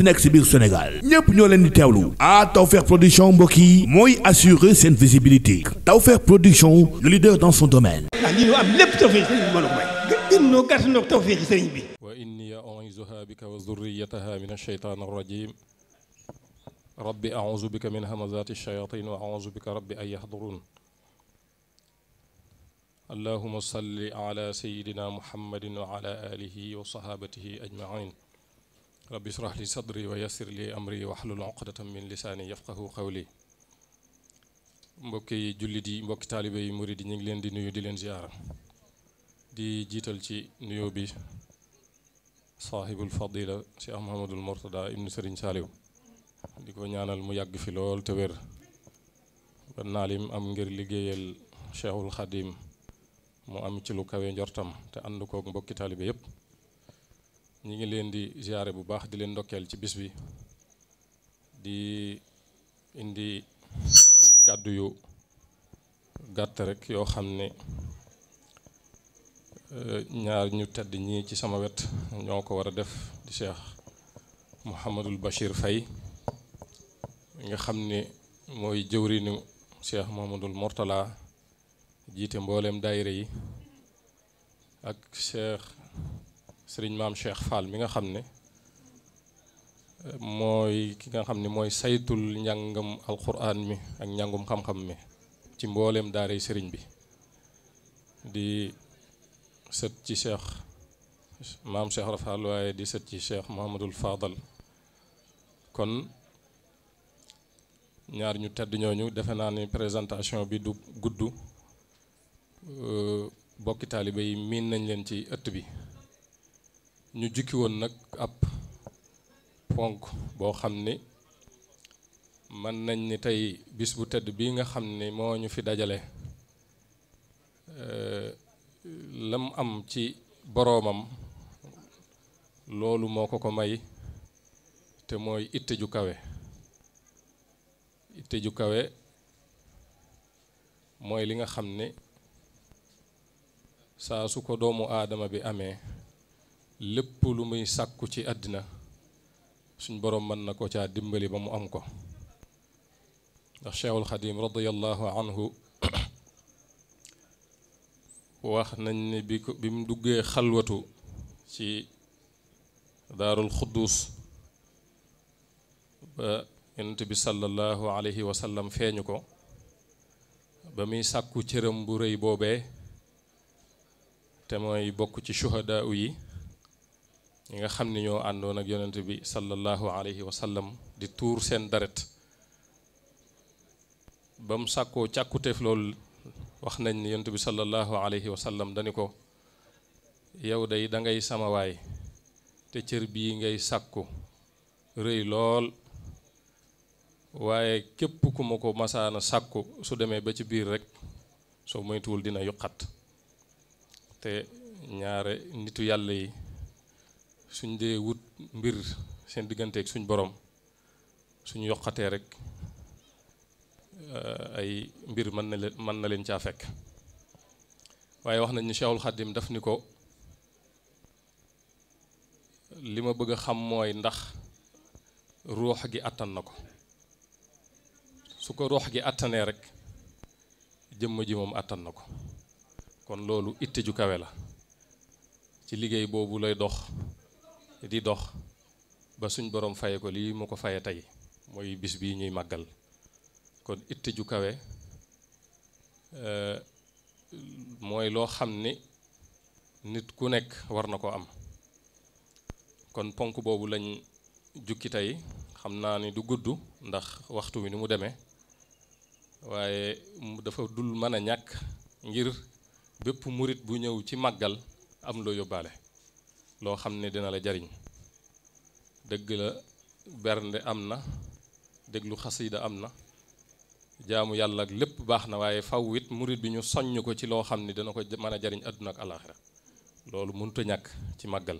munti nekk si biir Sénégal ñépp ñoo leen di teewlu ah Tawfekh production mbokk yi mooy assurer seen visibilité Tawfekh production le leader dans son domaine ah, wa inni u'iizuhaa bika wa zurriyyatahaa mina shaytaani rajiim rabbi a'uuzu bika min hamazaati shayaatiin wa a'uuzu bika rabbi an yahduruun allahumma salli ala sayyidina muhammadin wa ala aalihi wa sahaabatihi ajma'iin rabbi shrah li sadri wa yassir li amri wahlul uqdatan min lisaani yafqahu qawli mbokki jullit yi mbokki taalibe yi murid di ñu ngi leen di nuyu di leen ziyaara di jiital ci nuyoo bi saaxibul fadila si ahmadul murtada ibnu sëriñ saaliw di ko ñaanal mu yàgg fi lool te wér ba naalim am ngir liggéeyal cheikhul xadim mu am ci lu kawe njortam te ànd kook mbokki taalibe yépp ñi ngi leen di ziare bu baax di leen ndokkeel ci bis bi di indi kàddu yu gàtt rekk yoo xam ne eh, ñaar ñu tedd ñii ci sama wet ñoo ko war a def di Cheikh Mouhamadul Bachir Faye nga xam ni mooy jëwrinu Cheikh Mouhamadul Mortala jiite mbooleem daayira yi ak Cheikh sëriñ maam Cheikh Fall mi nga xam ne mooy ki nga xam mooy saytul njàngam alquran mi ak njàngum xam-xam mi ci mbooleem daaray sëriñ bi di sët ci Cheikh maam Cheikh Rafal waaye di sët ci Cheikh Mohamadul Fadal kon ñaar ñu tedd ñooñu defe naa ni présentation bi du gudd bokki taalibe yi miin nañ leen ci ëtt bi ñu jukki woon nag ab ponk boo xam ni mën nañ ni tey bis bu tëdd bii nga xam ni moo ñu fi dajale euh, lam am ci boroomam loolu moo ko ko may te mooy itte ju kawe itte ju kawe mooy li nga xam ni saa su ko doomu aadama bi amee lépp lu muy sàkku ci àddina suñ boroom mën na ko caa dimbali ba mu am ko ndax cheikhul xadim radiallahu anhu wax nañ ne bi ko bi mu duggee xalwatu ci daarul xuddus ba yonent bi sallallahu alayhi wa feeñu ko ba muy sàkku cëram bu rëy boobee te mooy bokk ci shuhadaa yi ñi nga xam ne ñoo àndoon ak yonent bi sallallahu alayhi wa sallam di tuur seen deret ba sàkkoo càkkuteef lool wax nañ ne yonent bi sallallahu alayhi wa sallam dañu ko yow day da dangay sama waay te cër bii ngay sàkku rëy lool waaye képp ku ma ko masaana sàkku su demee ba ci biir rek soo moytuwul dina yuqat te ñaare nitu yàlla yi suñ dee wut mbir seen digganteek suñ boroom suñ yokkatee rek euh, ay mbir mën na leen mën na leen caa fekk waaye wax nañ ni Cheikhul Khadim daf ni ko li ma bëgg xam mooy ndax ruux gi àttan na ko su ko ruux gi àttanee rek jëmm ji moom attan na ko kon loolu itte ju kawe la ci liggéey boobu lay dox di dox ba suñ borom faye ko lii mu ko faye tey mooy bis bii ñuy màggal kon itte ju kawe eh, mooy loo xam ni nit ku nekk war na ko am kon ponk boobu lañ jukki tey xam naa ni du gudd ndax waxtu wi ni mu demee waaye dafa dul mën a ñàkk ngir bépp murit bu ñëw ci màggal am loo yóbbaale loo xam ne dina la jariñ dëgg la bernde am na déglu xasida am na jaamu yàlla ak lépp baax na waaye faw it murit bi ñu soññ ko ci loo xam ne dana ko mën jariñ àdduna ak alaaxira loolu mënuta ñàkk ci màggal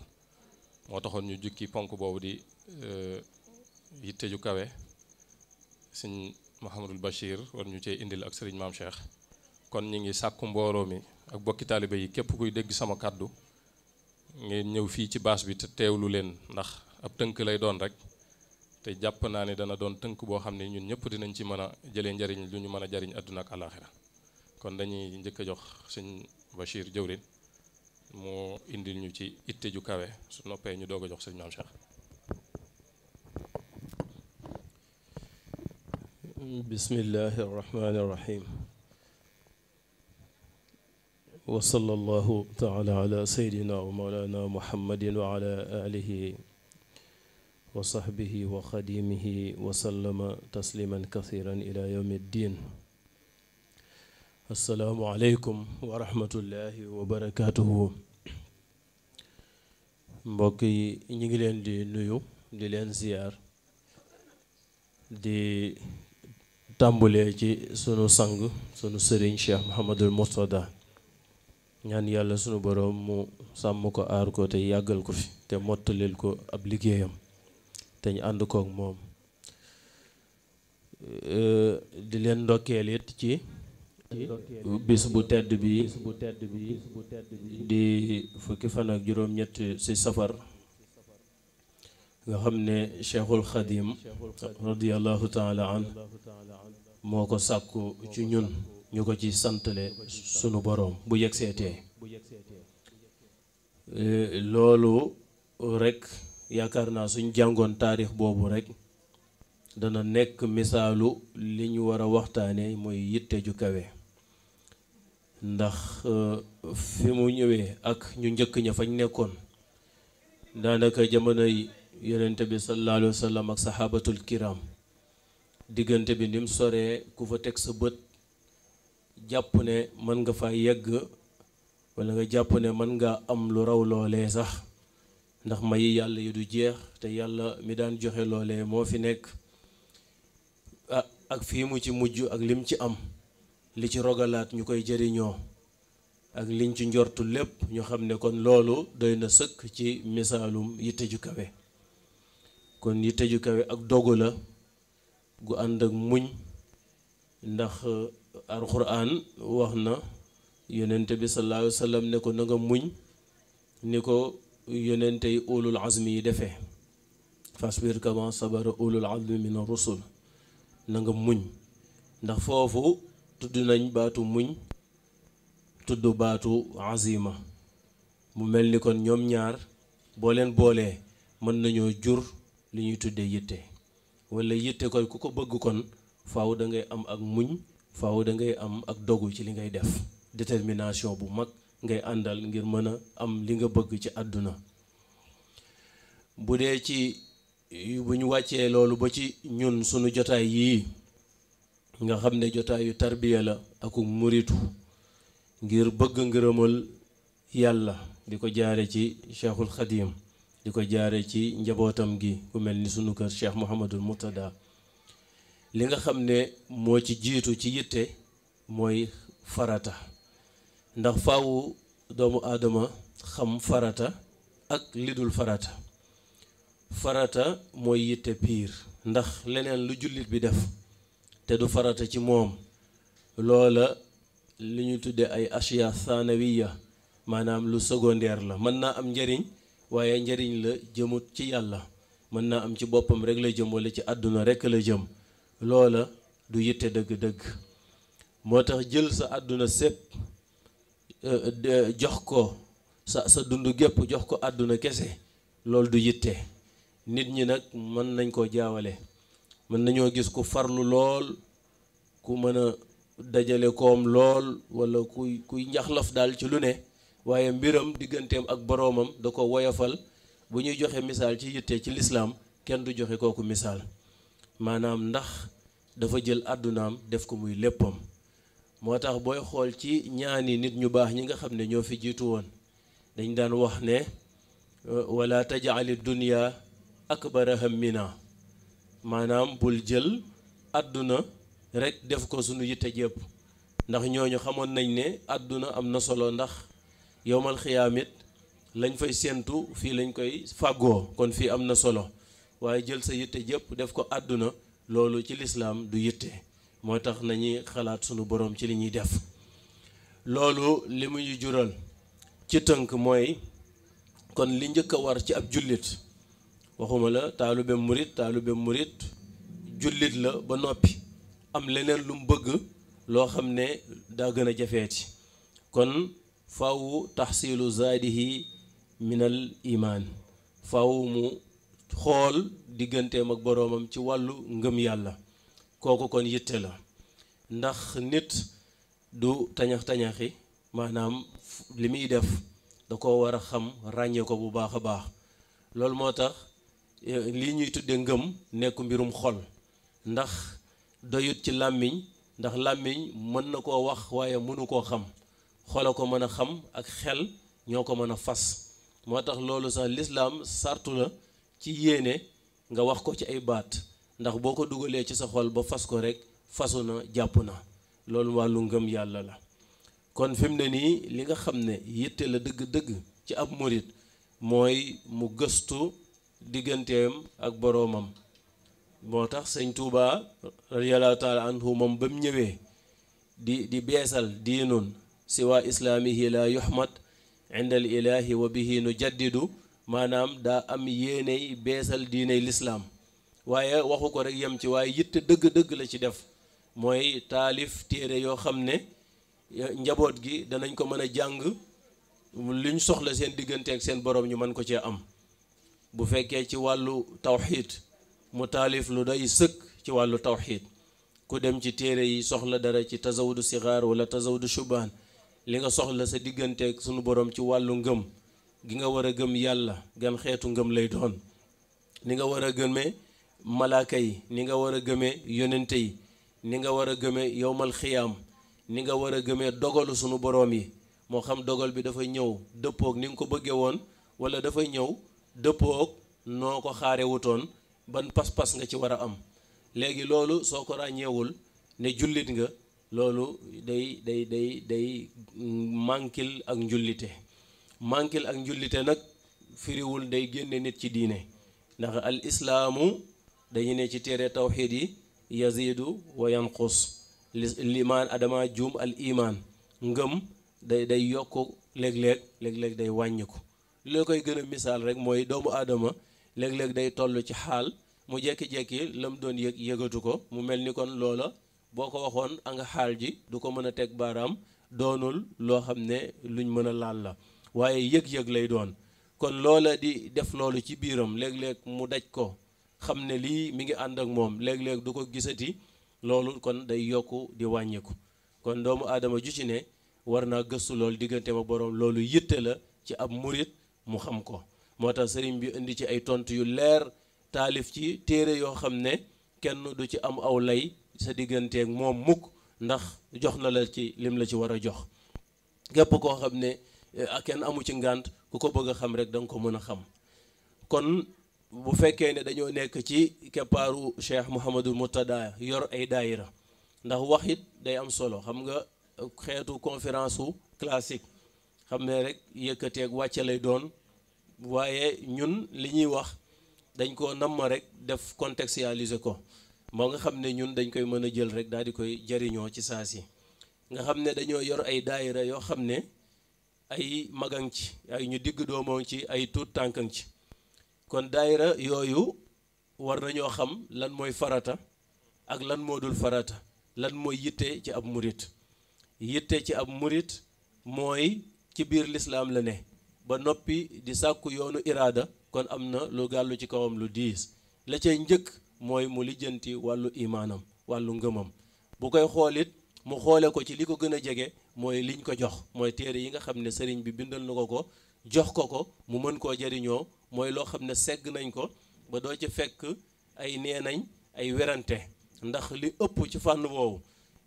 moo taxoon ñu jukki ponk boobu di euh, yitte ju kawe sëñ Mouhamadul Bachir war ñu cee indil ak sëriñ maam Cheikh kon ñu ngi sàkku mbooloo mi ak bokki taalibe yi képp kuy dégg sama kàddu ngeen ñëw fii ci bâche bi te teewlu leen ndax ab tënk lay doon rek te jàpp naa ne dana doon tënk boo xam ne ñun ñëpp dinañ ci mën a jëlee njariñ lu ñu mën a jariñ àdduna ak àllaaxira kon dañuy njëkk a jox sëñ Bachir jëwrin moo indil ñu ci itte ju kawe su noppee ñu doog a jox sëñ Maam Cheikh wa sallallahu taala ala sayyidina wa mawlana muhammadin wa ala alihi wa sahbihi wa xadimihi wa sallama tasliman kathiran ila yawmi ddin assalaamu aleykum wa rahmatullahi wa barakatuhu mbokk yi ñu ngi leen di nuyu di leen ziyaar di tàmbulee ci sunu sang sunu sëriñ cheikh muhammadul murtada ñaan yàlla sunu boroom mu sàmm ko aar ko te yàggal ko fi te mottalil ko ab liggéeyam te ñu ànd kook moom eh, di leen ndokkeel it ci bis bu tedd bi di fukki fan ak juróom-ñett ci safar nga xam ne cheikhul xadim radiallahu taala an moo ko sàkku ci ñun ñu ko ci santale sunu boroom bu yegseetee eh, loolu rekk yaakaar naa suñ jàngoon taarix boobu rekk dana nekk misaalu li ñu war a waxtaane mooy yitte ju kawe ndax eh, fi mu ñëwee ak ñu njëkk ña fañ nekkoon daanaka jamonoy yonente bi sallallahu alayhi wa sallam ak saxaabatul kiram diggante bi ni soree ku fa teg sa bët jàpp ne mën nga fa yegg wala nga jàpp ne mën nga am lu raw loole sax ndax mayi yàlla yi du jeex te yàlla mi daan joxe loole moo fi nekk ak fii mu ci mujj ak lim ci am li ci rogalaat ñu koy jariñoo ak liñ ci njortu lépp ñu xam ne kon loolu doy na sëkk ci misaalum yitte ju kawe kon yitte ju kawe ak dogu la gu ànd ak muñ ndax alxuraan wax na yonente bi sallallahu alayhi wa sallam ne ko na muñ ni ko yonente yi ulul azmi yi defee fasbir kama sabara ulul azmi min ar-rusul muñ ndax foofu tudd nañ baatu muñ tudd baatu azima mu mel ni kon ñoom ñaar boo leen boolee mën nañoo jur li ñuy tuddee yitte wala yitte kon ku ko bëgg kon faaw da am ak muñ faaw da ngay am ak dogu ci li ngay def détermination bu mag ngay àndal ngir mën a am li nga bëgg ci àdduna bu dee ci bu ñu wàccee loolu ba ci ñun sunu jotaay yii nga xam ne jotaayu tarbiya la aku muritu ngir bëgg ngërëmal yàlla di ko jaare ci cheikhul xadim di ko jaare ci njabootam gi ku mel ni sunu kër cheikh mouhamadul murtada li nga xam ne moo ci jiitu ci yitte mooy farata ndax fawu doomu aadama xam farata ak li dul farata farata mooy yitte piir ndax leneen lu jullit bi def te du farata ci moom loola li ñu tudde ay ashiya sanawiya maanaam lu secondaire la mën naa am njariñ waaye njariñ la jëmut ci yàlla mën naa am ci boppam rek la jëm wala ci àdduna rek la jëm loola du yitte dëgg-dëgg moo tax jël sa àdduna sépp euh, jox ko sa sa dund gépp jox ko àdduna kese loolu du yitte nit ñi nag mën nañ koo jaawale mën nañoo gis ku farlu lool ku mën a dajale koom lool walla kuy kuy njaxlaf daal ci lu ne waaye mbiram digganteem ak boroomam da ko woyofal bu ñuy joxe misaal ci yitte ci lislaam kenn du joxe kooku misaal maanaam ndax dafa jël àddunaam def ko muy léppam moo tax booy xool ci ñaani nit ñu baax ñi nga xam ne ñoo fi jiitu woon dañ daan wax ne euh, wala tajali dunia akbara hammina maanaam bul jël àdduna rek def ko sunu yitte jépp ndax ñooñu xamoon nañ ne àdduna am na solo ndax yowmal xiyaamit lañ fay séentu fii lañ koy faggoo kon fii am na solo waaye jël sa yitte jëpp def ko àdduna loolu ci lislaam du yitte moo tax nañu xalaat sunu boroom ci li ñuy def loolu li mu ñu jural ci tënk mooy kon li njëkk a war ci ab jullit waxuma la taalube murit taalube murit jullit la ba noppi am leneen lu mu bëgg loo xam ne daa gën a jafeeti kon faw taxsilu zaadihi minal imaan faw mu xool digganteem ak boroomam ci wàllu ngëm yàlla kooku kon yitte la ndax nit du tañax tañaxi maanaam li muy def da ko war a xam ràññee ko bu baax a baax loolu moo tax e, li ñuy tuddee ngëm nekk mbirum xol ndax doyut ci làmmiñ ndax làmmiñ mën na koo wax waaye mënu koo xam xoola ko mën a xam ak xel ñoo ko mën a fas moo tax loolu sax lislaam sartu la ci yéene nga wax ko ci ay baat ndax boo ko dugalee ci sa xol ba fas ko rek fasu na jàpp na loolu wàllu ngëm yàlla la kon fi mu ne nii li nga xam ne yitte la dëgg-dëgg ci ab murit mooy mu gëstu digganteem ak boroomam moo tax sëñ Touba radiyallahu taala anhu moom ñëwee di di beesal diinun siwa islaamihi la yuhmad inda al ilahi wa bihi nu maanaam daa am yéeney beesal diiney lislaam waaye waxu ko rek yem ci waaye yitte dëgg-dëgg la ci def mooy taalif téere yoo xam ne njaboot gi danañ ko mën a jàng liñ soxla seen diggante ak seen borom ñu mën ko cee am bu fekkee ci wàllu tawxiit mu taalif lu day sëkk ci wàllu tawxiid ku dem ci téere yi soxla dara ci tasawudu sixaar wala tasawudu shubaan li nga soxla sa diggante ak sunu borom ci wàllu ngëm gi nga war a gëm yàlla gan xeetu ngëm lay doon ni nga war a gëmee malaaka yi ni nga war a gëmee yonente yi ni nga war a gëmee yowmal xiyaam ni nga war a gëmee dogalu sunu boroom yi moo xam dogal bi dafa ñëw dëppook ni nga ko bëggee woon wala dafa ñëw dëppoog noo ko xaare wutoon ban pas-pas nga ci war a am léegi loolu soo ko ràññeewul ne jullit nga loolu day day day day mm, mànkil ak njullite mànkil ak njullite nag firiwul day génne nit ci diine ndax al islaamu dañu ne ci téere tawxiid yi yazidu wa yanqus limaan adama juum al imaan ngëm day day yokk léeg-léeg léeg-léeg day wàññi ko loo koy gën a misaal rek mooy doomu aadama léeg-léeg day toll ci xaal mu jekki-jekki lam doon yëg yëgatu ko mu mel ni kon loola boo ko waxoon a nga xaal ji du ko mën a teg baaraam doonul loo xam ne luñ mën a laal la waaye yëg-yëg lay doon kon loola di def loolu ci biiram léeg-léeg mu daj ko xam ne lii mi ngi ànd ak moom léeg-léeg du ko gisati loolu kon day yokk di wàññiku kon doomu aadama ju ci ne war naa gëstu loolu diggante ma boroom loolu yitte la ci ab murit mu xam ko moo tax sëriñ bi indi ci ay tontu yu leer taalif ci téere yoo xam ne kenn du ci am aw lay sa digganteek moom mukk ndax jox na la ci lim la ci war a jox képp koo xam ne Eh, ah, kenn amu ci ngànt ku ko bëgg a xam rek da nga ko mën a xam kon bu fekkee ne dañoo nekk ci keppaaru Cheikh Mouhamadul Moutada yor ay daayira ndax wax it day am solo xam nga xeetu conférence su classique xam ne rek yëkkateeg wàcce lay doon waaye ñun li ñuy wax dañ ko namm rek def contextualiser ko moo nga xam ne ñun dañ koy mën a jël rek daal di koy jariñoo ci saa si nga xam ne dañoo yor ay daayira yoo xam ne ay magan ci ay ñu digg doomoon ci ay tuut tànkan ci kon daayira yooyu war nañoo xam lan mooy farata ak lan moo dul farata lan mooy yitte ci ab murit yitte ci ab murit mooy ci biir lislaam la ne ba noppi di sàkku yoonu iraada kon am na lu gàllu ci kawam lu diis la cay njëkk mooy mu lijjanti wàllu imaanam wàllu ngëmam bu koy xoolit mu xoole ko ci li ko gën a jege mooy liñ ko jox mooy téere yi nga xam ne sëriñ bi bindal na ko ko jox ko ko mu mën koo jariñoo mooy loo xam ne segg nañ ko ba doo ci fekk ay nee nañ ay werante ndax li ëpp ci fànn woowu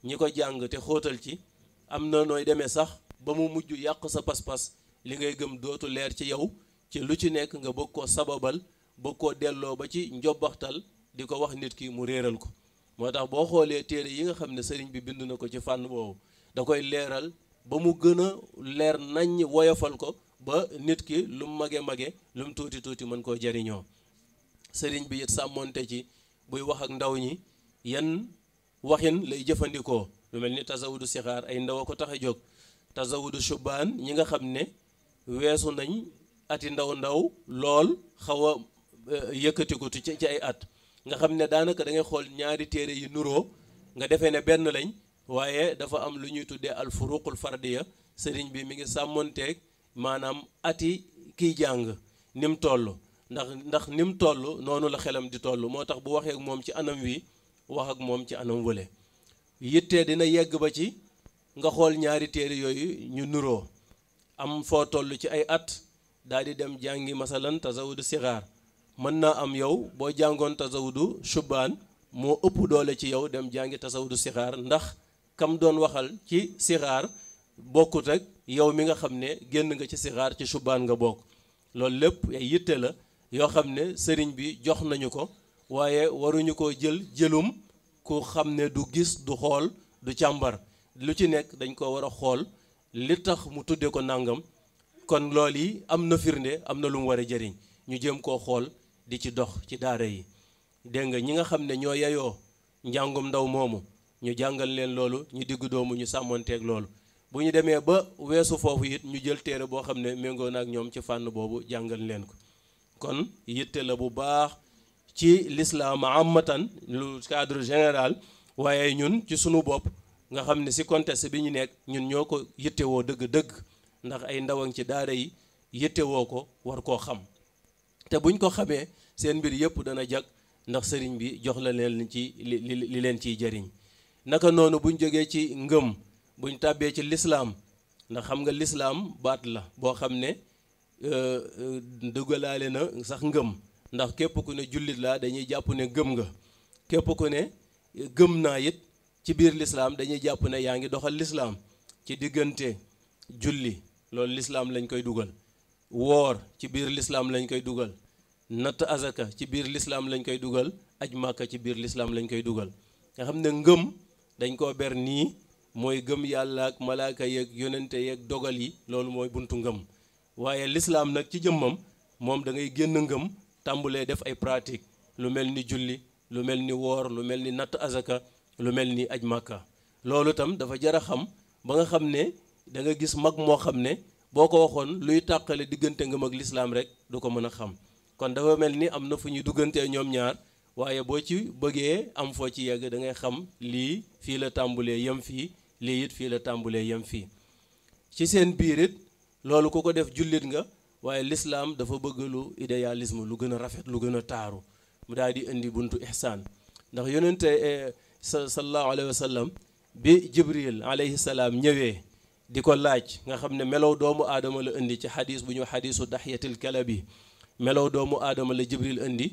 ñi ko jàng te xóotal ci am na nooy demee sax ba mu mujj yàq sa pas-pas li ngay gëm dootu leer ci yow ci lu ci nekk nga bëgg koo sababal bëgg koo delloo ba ci njobbaxtal di ko wax nit ki mu réeral ko moo tax boo xoolee téere yi nga xam ne sëriñ bi bind na ko ci fànn boobu da koy leeral ba mu gën a leer naññ woyofal ko ba nit ki lu mage mage lu tuuti tuuti mën koo jariñoo sëriñ bi it sàmmoonte ci buy wax ak ndaw ñi yan waxin lay jëfandikoo lu mel ni tasawudu sixaar ay ndaw a ko tax a jóg tasawudu shubaan ñi nga xam ne weesu nañ ati ndaw ndaw lool xaw a eh, yëkkatiku ci ay at nga xam ne daanaka da ngay xool ñaari téere yi nuroo nga defee ne benn lañ waaye dafa am lu ñuy tuddee al furuqul ya sëriñ bi mi ngi sàmmonteeg maanaam ati kiy jàng ni mu toll ndax ndax ni mu toll noonu la xelam di toll moo tax bu waxee ak moom ci anam wi wax ak moom ci anam wële yittee dina yegg ba ci nga xool ñaari téere yooyu ñu nuroo am foo toll ci ay at daal di dem jàngi masalan tazawudu sigaar mën naa am yow boo jàngoon tasawudu shubaan moo ëpp doole ci yow dem jàngi tasawudu sixaar ndax kam doon waxal ci sixaar bokkut ak yow mi nga xam ne génn nga ci sixaar ci shubaan nga bokk loolu lépp yitte la yoo xam ne sëriñ bi jox nañu ko waaye waruñu ko jël jëlum ku xam ne du gis du xool du càmbar lu ci nekk dañ ko war a xool li tax mu tudde ko nàngam kon lool yi am na firnde am na lu mu war a jëriñ ñu jéem koo xool di ci dox ci daara yi dégg nga ñi nga xam ne ñoo yayoo njàngum ndaw moomu ñu jàngal leen loolu ñu diggu doomu ñu sàmmonteeg loolu bu ñu demee ba weesu foofu it ñu jël téere boo xam ne méngoo na ak ñoom ci fànn boobu jàngal leen ko kon yitte la bu baax ci lislaam amatan lu cadre général waaye ñun ci sunu bopp nga xam ne si contexte bi ñu nekk ñun ñoo ko yittewoo dëgg-dëgg ndax ay ndawang ci daara yi yittewoo ko war koo xam te buñ ko xamee seen mbir yëpp dana jag ndax sëriñ bi jox la leen ci li li leen ciy jariñ naka noonu buñ jógee ci ngëm buñ tàbbee ci lislaam ndax xam nga lislaam baat la boo xam ne euh, euh, dugalaale na sax ngëm ndax képp ku ne jullit laa dañuy jàpp ne gëm nga képp ku ne gëm naa it ci biir lislaam dañuy jàpp ne yaa ngi doxal lislaam ci diggante julli loolu lislaam lañ koy dugal woor ci biir lislaam lañ koy dugal natt azaka ci biir lislaam lañ koy dugal aj màkka ci biir lislaam lañ koy dugal nga xam ne ngëm dañ koo ber nii mooy gëm yàlla ak malaaka yeeg yonente yeeg dogal yi loolu mooy buntu ngëm waaye lislaam nag ci jëmmam moom da ngay génn ngëm tàmbulee def ay pratique lu mel ni julli lu mel ni woor lu mel ni natt azaka lu mel ni aj màkka loolu itam dafa jar a xam ba nga xam ne danga gis mag moo xam ne boo ko waxoon luy tàqale diggante ngëm ak lislaam rek du ko mën a xam kon dafa mel ni am na fu ñu duggantee ñoom ñaar waaye boo ci bëggee am foo ci yegg dangay xam lii fii la tàmbulee yam fii lii it fii la tàmbulee yam fii ci seen biir it loolu ku ko def jullit nga waaye lislaam dafa bëgg lu idéalisme lu gën a rafet lu gën a taaru mu daal di indi buntu ihsaan ndax yonente eh, sa alayhi wa sallam bi jibril alayhi salaam ñëwee di ko laaj nga xam ne melow doomu aadama la indi ci xadis bu ñu xadisu daxiyatil kalabi melow doomu aadama la jibril indi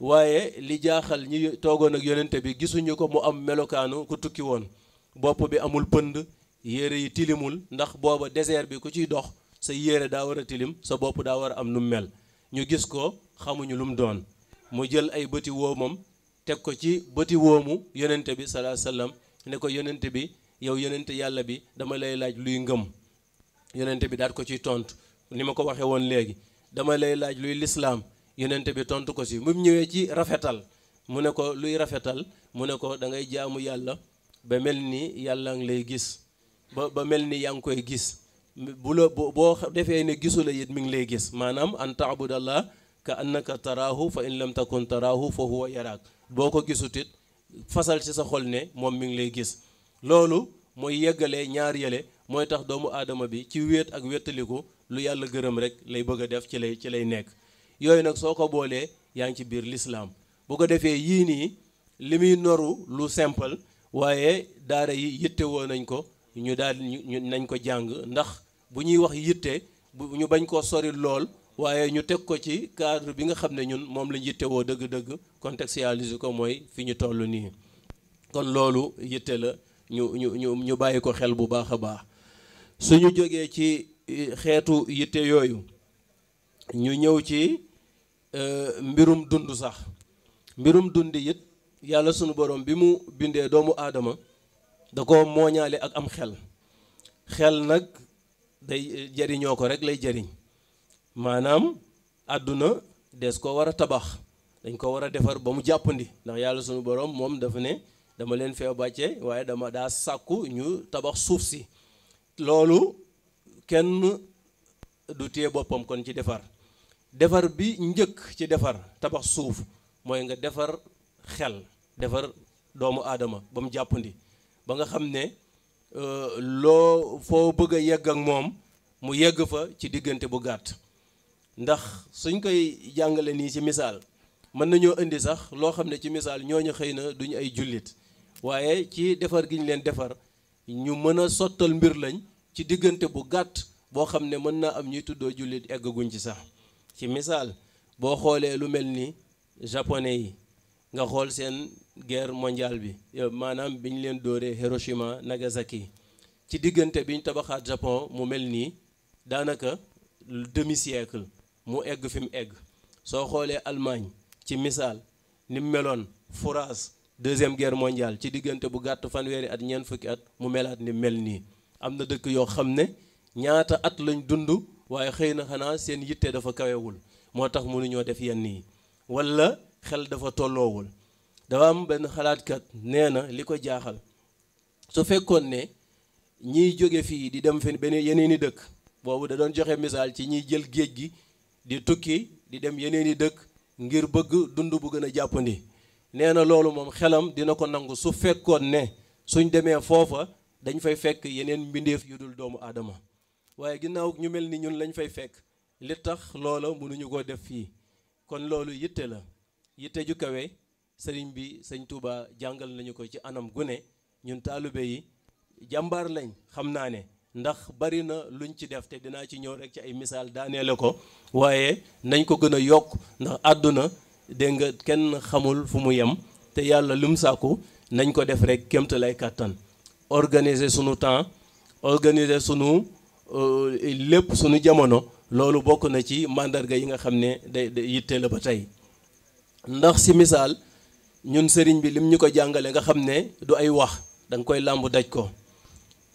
waaye li jaaxal ñi toogoon ak yonente bi gisuñu ko mu am melokaanu ku tukki woon bopp bi amul pënd yére yi tilimul ndax booba désert bi ku ciy dox sa yére daa war a tilim sa bopp daa war a am nu mel ñu gis ko xamuñu lu mu doon mu jël ay bëti woomam teg ko ci bëti woomu yonente bi salaa sallam ne ko yonente bi yow yonente yàlla bi dama lay laaj luy ngëm yonente bi daat ko ciy tontu ni ma ko waxee woon léegi dama lay laaj luy lislaam yonente bi tontu ko si mu ñëwee ci rafetal mu ne ko luy rafetal mu ne ko da ngay jaamu yàlla ba mel ni yàlla ngi lay gis ba ba mel ni yaa ngi koy gis bu la boo defee ne gisu la it mi ngi lay gis maanaam an taabudallah ka annaka taraahu fa in lam takun fa huwa yaraak boo ko gisutit fasal ci sa xol ne moom mi ngi lay gis loolu mooy yeggalee ñaar yële mooy tax doomu aadama bi ci wéet ak wéttaliku lu yàlla gërëm rek lay bëgg a def ci lay ci lay nekk yooyu nag soo ko boolee yaa ngi ci biir lislaam bu ko defee yii nii li muy noru lu simple waaye daara yi yitte woo nañ ko ñu daal ñu nañ ko jàng ndax bu ñuy wax yitte bu ñu bañ koo sori lool waaye ñu teg ko ci cadre bi nga xam ne ñun moom lañ yitte woo dëgg-dëgg contextualiser ko mooy fi ñu toll nii kon loolu yitte la ñu ñu ñu ñu bàyyi ko xel bu baax a baax suñu jógee ci e, xeetu yitte yooyu ñu ñëw ci e, mbirum dund sax mbirum dund it yàlla sunu borom bi mu bindee doomu aadama da ko mooñaale ak am xel xel nag day e, jariñoo ko rek lay jariñ maanaam àdduna des ko war a tabax dañ ko war a defar ba mu jàppandi ndax yàlla sunu borom moom dafa ne dama leen fee bàcce waaye dama daa sàkku ñu tabax suuf si loolu kenn du téye boppam kon ci defar defar bi njëkk ci defar tabax suuf mooy nga defar xel defar doomu aadama ba jàppandi ba nga xam ne euh, loo foo bëgg a yegg ak moom mu yegg fa ci diggante bu gàtt ndax suñ koy jàngale nii ci misaal mën nañoo indi sax loo xam ne ci misaal ñooñu xëy na duñu ay jullit waaye ci defar gi ñu leen defar ñu mën a sottal mbir lañ ci diggante bu gàtt boo xam ne mën naa am ñuy tuddoo jullit eggaguñ ci sax ci misaal boo xoolee lu mel ni japonais yi nga xool seen guerre mondiale bi euh, maanaam biñ leen dóoree Hiroshima Nagasaki ci diggante biñ tabaxaat Japon mu mel nii daanaka demi siècle mu egg fi mu egg soo xoolee Allemagne ci misaal ni mu meloon France deuxième guerre mondiale ci diggante bu gàtt fanweeri at ñeent fukki at mu melaat ni mel nii am na dëkk yoo xam ne ñaata at lañ dund waaye xëy na xanaa seen yitte dafa kawewul moo tax mënuñoo def yenn yi walla xel dafa tolloowul dama am benn xalaatkat nee na li ko jaaxal su fekkoon ne ñiy jóge fii di dem fen beneen yeneeni dëkk boobu da doon joxe misaal ci ñiy jël géej gi di tukki di dem yeneeni dëkk ngir bëgg dund bu gën a jàppandi nee na loolu moom xelam dina ko nangu su fekkoon ne suñ demee foofa dañ fay fekk yeneen mbindeef yu dul doomu aadama waaye ginnaaw ñu mel ni ñun lañ fay fekk li tax loola mënuñu koo def fii kon loolu yitte la yitte ju kawe sëriñ bi sëñ Touba jàngal nañu ko ci anam gune ñun taalibe yi jàmbaar lañ xam naa ne ndax bari na luñ ci def te dinaa ci ñëw rek ci ay misaal daaneele ko waaye nañ ko gën a yokk ndax àdduna dégg nga kenn xamul fu mu yem te yàlla lum sàkku nañ ko def rek kémta lay kàttan organiser sunu temps organiser sunu euh, lépp sunu jamono loolu bokk na ci màndarga yi nga xam ne day yitte la ba tey ndax si misaal ñun sëriñ bi lim ñu ko jàngale nga xam ne du ay wax danga koy làmb daj ko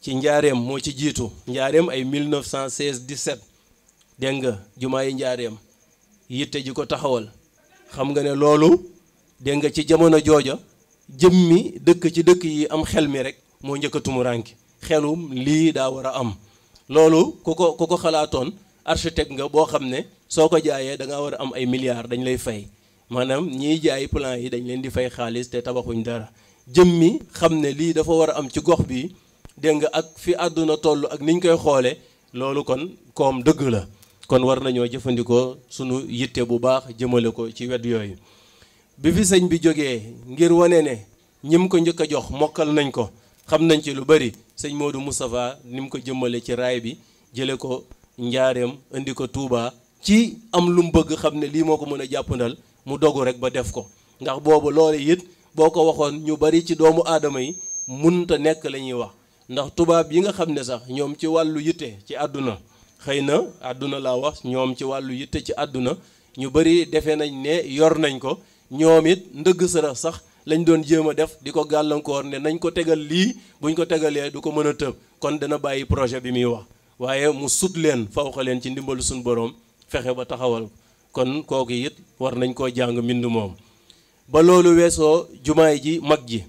ci njaareem moo ci jiitu njaareem ay 1916 17 dégg nga jumaa yi njaareem yitte ji ko taxawal xam nga ne loolu dégg nga ci jamono jooja jëm mi dëkk ci dëkk yi am xel mi rek moo njëkk a xelum lii daa war a am loolu ku ko ku ko xalaatoon architecte nga boo xam ne soo ko jaayee da ngaa war a am ay milliards dañ lay fay maanaam ñiy jaay plan yi dañ leen di fay xaalis te tabaxuñ dara jëm mi xam ne lii dafa war a am ci gox bi dégg nga ak fi àdduna toll ak niñ koy xoole loolu kon koom dëgg la kon war nañoo jëfandikoo sunu yitte bu baax jëmale ko ci wet yooyu bi fi sëñ bi jógee ngir wane ne ñim ko njëkk a jox mokkal nañ ko xam nañ ci lu bari sëñ Modou Moustapha ni mu ko jëmale ci raay bi jële ko njaareem indi ko tuubaa ci am lu mu bëgg xam ne lii moo ko mën a jàppandal mu dogu rek ba def ko ndax boobu loolu it boo ko waxoon ñu bari ci doomu aadama yi munta nekk la ñuy wax ndax tubaab yi nga xam ne sax ñoom ci wàllu yitte ci àdduna xëy na àdduna laa wax ñoom ci wàllu yitte ci àdduna ñu bëri defe nañ ne yor nañ ko ñoom it ndëgg sërëx sax lañ doon jéem a def di ko gàllankoor ne nañ ko tegal lii buñ ko tegalee du ko mën a tëb kon dana bàyyi projet bi muy wax waaye mu sut leen fawxa leen ci ndimbalu suñ borom fexe ba taxawal kon kooku yit war nañ koo jàng mbind moom ba loolu weesoo jumaay ji mag ji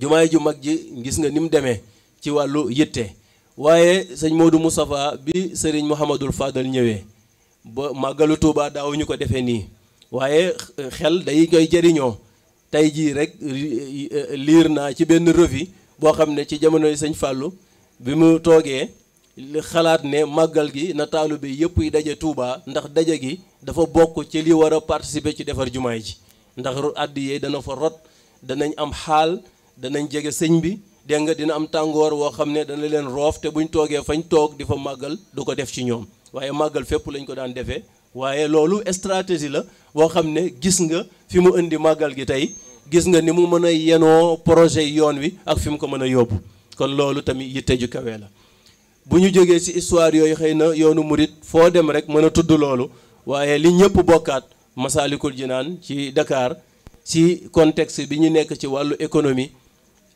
jumaay ju mag ji gis nga ni mu demee ci wàllu yitte waaye sëñ Modou Moustapha bi sëriñ Mouhamadul Fadal ñëwee ba màggalu Touba daawuñu ko defee nii waaye xel day koy jariñoo tey jii rek e, liir naa ci benn revue boo xam ne ci jamono sëñ fàllu bi mu toogee xalaat ne màggal gi na taalibe yëpp yi daje Touba ndax daje gi dafa bokk ci li war a participer ci defar jumaay ji ndax àddi yee dana fa rot danañ am xaal danañ jege sëñ bi dégg nga dina am tàngoor woo xam ne dana leen roof te buñ toogee fañ toog di fa màggal du ko def ci ñoom waaye màggal fépp lañ ko daan defee waaye loolu stratégie la woo xam ne gis nga fi mu indi màggal gi tey gis nga ni mu mën a yenoo projet yoon wi ak fi mu ko mën a yóbbu kon loolu tamit yitte ju kawe la bu ñu jógee ci histoire yooyu xëy na yoonu murit foo dem rek mën a tudd loolu waaye li ñëpp bokkaat Masaalikul naan ci Dakar ci contexte bi ñu nekk ci wàllu économie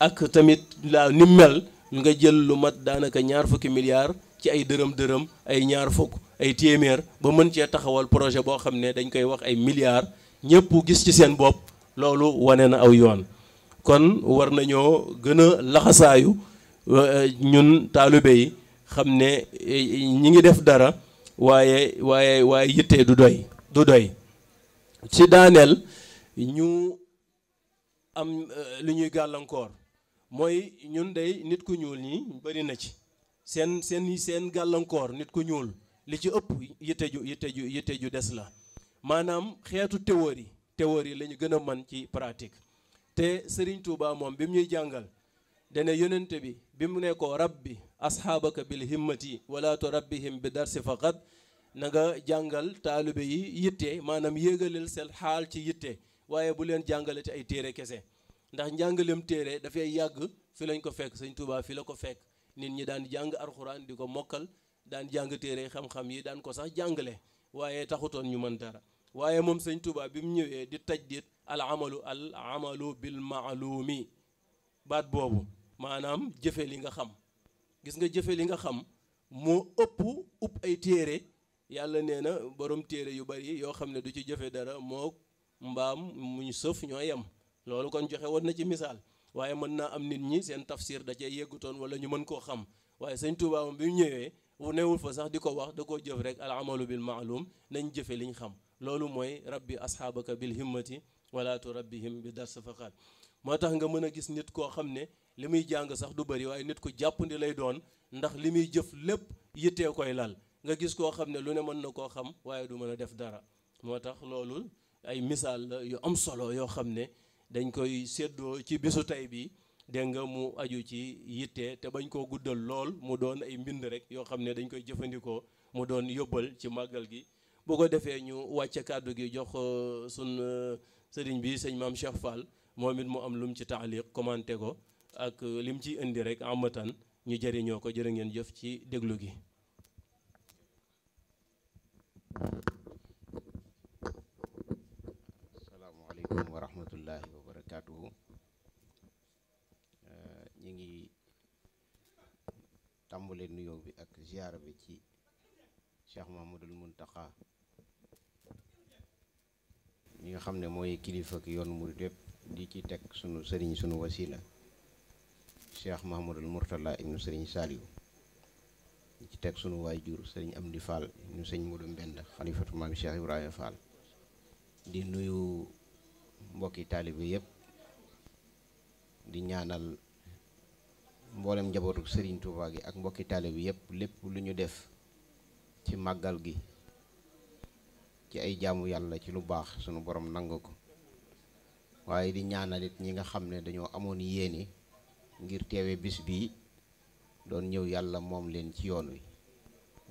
ak tamit la ni mel nga jël lu mat daanaka ñaar fukki milliards ci ay dërëm dërëm ay ñaar fukk ay téeméer ba mën cee taxawal projet boo xam ne dañ koy wax ay milliards ñëpp gis ci seen bopp loolu wane na aw yoon kon war nañoo gën a laxasaayu euh, ñun taalibe yi xam ne eh, ñi ngi def dara waaye waaye waaye yitte du doy du doy ci daaneel ñu am euh, li ñuy gàllankoor mooy ñun day nit ku ñuul ñi bëri na ci seen seen seen gàllankoor nit ku ñuul li ci ëpp yitte ju yitte ju ju des la maanaam xeetu théorie théorie la ñu gën a mën ci pratique te Serigne Touba moom bi mu ñuy jàngal dana yonente bi bi mu ne ko bi asxaabaka bil himmati wala tu rabbihim bi darsi faqat na nga jàngal taalibe yi yitte maanaam yéegaleel seen xaal ci yitte waaye bu leen jàngalati ay téere kese ndax njàngaleem téere dafay yàgg fi lañ ko fekk sañ Touba fi la ko fekk nit ñi daan jàng alxuraan di ko mokkal daan jàng téere xam-xam yi daan ko sax jàngale waaye taxutoon ñu mën dara waaye moom sëñ Touba bi mu ñëwee di tajdid al amalu al amalu bil maalumi baat boobu maanaam jëfe li nga xam gis nga jëfe li nga xam moo ëpp upp ay téere yàlla nee na borom téere yu bari yoo xam ne du ci jëfe dara moo mbaam muñ sëf ñoo yem loolu kon joxe wan na ci misaal waaye mën naa am nit ñi seen tafsir da cee yeggutoon wala ñu mën koo xam waaye sëñ Tuubaa bi mu ñëwee wu newul fa sax di ko wax da koo jëf rek al amalu bil maalum nañ jëfe liñ xam loolu mooy rabbi asxaabaka bil himmati wala turabbihim bi dars faqat moo tax nga mën a gis nit koo xam ne li muy jàng sax du bari waaye nit ku jàppandi lay doon ndax li muy jëf lépp yittee koy lal nga gis koo xam ne lu ne mën na koo xam waaye du mën a def dara moo tax loolu ay misaal yu am solo yoo xam ne dañ koy seddoo ci bésu tey bi dégg nga mu aju ci yitte te bañ koo guddal lool mu doon ay mbind rek yoo xam ne dañ koy jëfandikoo mu doon yóbbal ci màggal gi bu ko defee ñu wàcce kàddu gi jox euh, sun euh, sëriñ bi sëñ maam Cheikh moom it mu am lu mu ci taaliq commenté ko ak euh, lim ciy indi rek amatan ñu jëriñoo ko jërë ngeen jëf ci déglu gi ziyaara bi ci Cheikh Mahmoudul Muntaqa mi nga xam ne mooy kilifa ak yoon murid yépp di ci teg sunu sëriñ sunu wasila Cheikh Mahmoudul Murtala ibnu sëriñ Saliou di ci teg sunu waajur sëriñ Amdi Fall ibnu sëriñ Modu Mbend xalifatu maam Cheikh Ibrahima Fall di nuyu mbokki taalibe yépp di ñaanal mboolem njabootu sëriñ Touba gi ak mbokki taalibe bi yëpp lépp lu ñu def ci màggal gi ci ay jaamu yàlla ci lu baax sunu borom nangu ko waaye di ñaanalit ñi nga xam ne dañoo amoon yéene ngir teewe bis bii doon ñëw yàlla moom leen ci yoon wi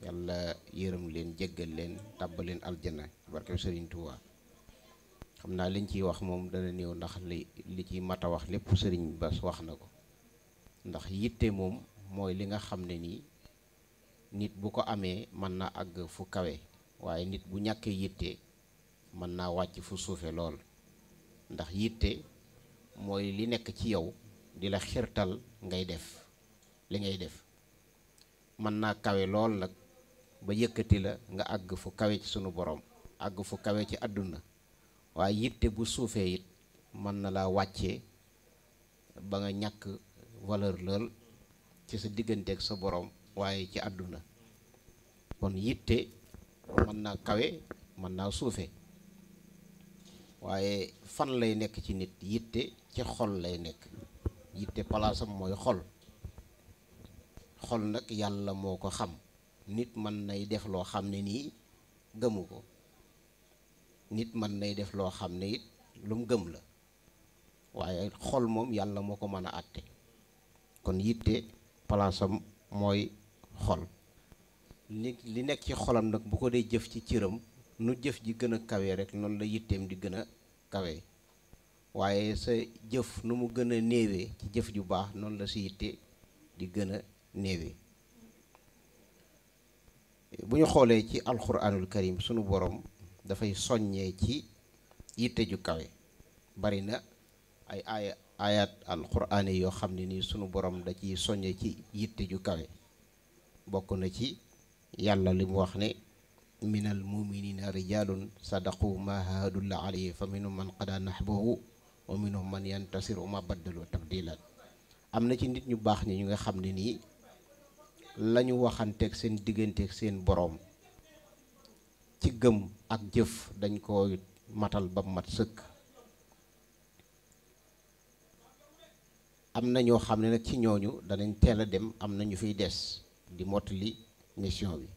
yàlla yërëm leen jéggal leen tàbbal leen aljana barke sëriñ Touba xam naa liñ ciy wax moom dana néew ndax li li ci mata wax lépp sëriñ Bass wax na ko ndax yitte moom mooy li nga xam ne nii nit bu ko amee mën naa àgg fu kawe waaye nit bu ñàkkee yitte mën naa wàcc fu suufe lool ndax yitte mooy li nekk ci yow di la xirtal ngay def li ngay def mën naa kawe lool nag ba yëkkati la nga àgg fu kawe ci sunu borom àgg fu kawe ci àdduna waaye yitte bu suufee it mën na laa wàcce ba nga ñàkk valeur lool ci sa diggante ak sa boroom waaye ci àdduna kon yitte mën naa kawe mën naa suufe waaye fan lay nekk ci nit yitte ci xol lay nekk yitte palaasam mooy xol xol nag yàlla moo ko xam nit mën nay def loo xam ne nii gëmu ko nit mën nay def loo xam ne it lu gëm la waaye xol moom yàlla moo ko mën a àtte kon yitte palaasam mooy xol li li nekk ci xolam nag bu ko dee jëf ci cëram nu jëf ji gën a kawe rek noonu la yitteem di gën a kawe waaye sa jëf nu mu gën a néewee ci jëf ju baax noonu la si yitte di gën a néewee bu ñu xoolee ci alxuraanul karim sunu boroom dafay soññee ci yitte ju kawe bari na ay aaya ayat alquraan yoo xam ne nii sunu boroom da ciy soññe ci yitte ju kawe bokk na ci yàlla li wax ne minal muminina rijalun sadaqu ma haadulla alayhi fa minhum man qada nahbahu wa minhum man yantasiru ma baddalu tabdilan am na ci nit ñu baax ñi ñu nga xam ne nii lañu ñu waxanteeg seen digganteeg seen boroom ci gëm ak jëf dañ ko matal ba mat sëkk am na ñoo xam ne nag ci ñooñu danañ teel a dem am na ñu fiy des di mottali mission bi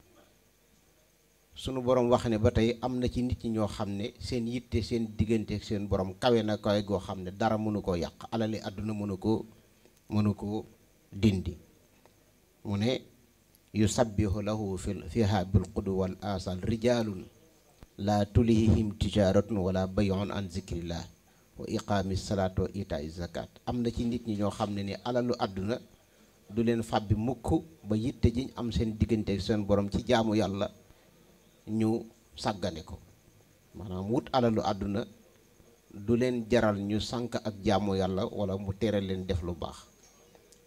sunu boroom wax ne ba tey am na ci nit ñi ñoo xam ne seen yitte seen diggante ak seen boroom kawe na goo xam ne dara mënu koo yàq alali àdduna mënu ko mënu koo dindi mu ne yu yusabbihu lahu fiha bil qudu wal asal rijalun la tulihim tijaratun wala bay'un an zikrillah wa iqaami salaatu wa itaai am na ci nit ñi ñoo xam ne ni alalu àdduna du leen fàbbi mukk ba yitte jiñ am seen diggante seen boroom ci jaamu yàlla ñu sàggane ko maanaam wut alalu àdduna du leen jaral ñu sànk ak jaamu yàlla wala mu tere leen def lu baax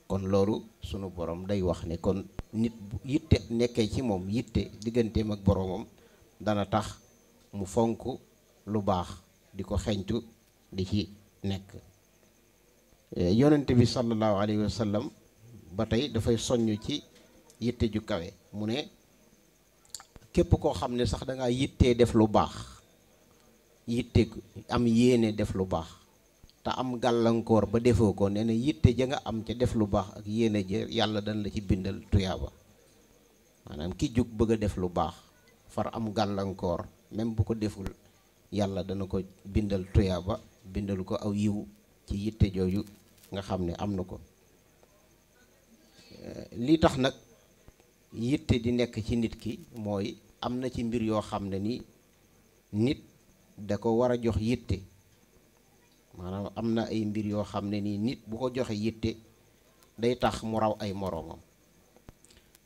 kon loolu sunu boroom day wax ne kon nit yitte nekkee ci moom yitte digganteem ak boroomam dana tax mu fonk lu baax di ko xeeñtu di ci nekk yonent bi sallallahu alayhi wa sallam ba tey dafay soññ ci yitte ju kawe mu ne képp koo xam ne sax dangaa yittee def lu baax yitte am yéene def lu baax te am gàllankoor ba defoo ko nee na yitte ja nga am ca def lu baax ak yéene ja yàlla dañ la ci bindal tuyaaba maanaam ki jug bëgg a def lu baax far am gàllankoor même bu ko deful yàlla dana ko bindal tuyaaba bindal ko aw yiw ci yitte jooju nga xam ne am na ko eh, li tax nag yitte di nekk ci nit ki mooy am na ci mbir yoo xam ne ni nit da ko war a jox yitte maanaam am na ay mbir yoo xam ne nii nit bu ko joxe yitte day tax mu raw ay moroomam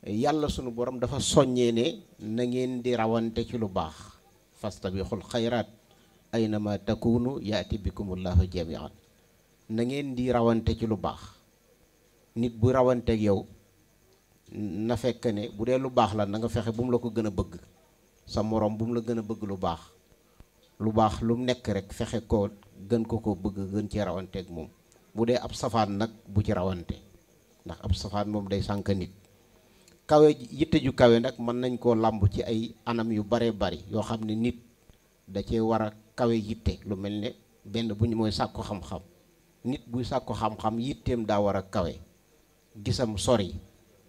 eh, yàlla sunu borom dafa soññee ne na ngeen di rawante ci lu baax fastabiqul xayraat ay na aynama takunu la bikumullahu jamian na ngeen di rawante ci lu baax nit bu rawanteeg yow na fekk ne bu dee lu baax la na nga fexe bu mu la ko gën a bëgg sa moroom bu mu la gën a bëgg lu baax lu baax lu nekk rek fexe ko gën ko ko bëgg gën cee rawanteeg moom bu dee ab safaan nag bu ci rawante ndax ab safaan moom day sànk nit kawe yitte ju kawe nag mën nañ koo làmb ci ay anam yu bare bari yoo xam ne nit da cee war kawe yitte lu mel ne benn bu ñu mooy sàkku xam-xam nit buy sàkku xam-xam yitteem daa war a kawe gisam sori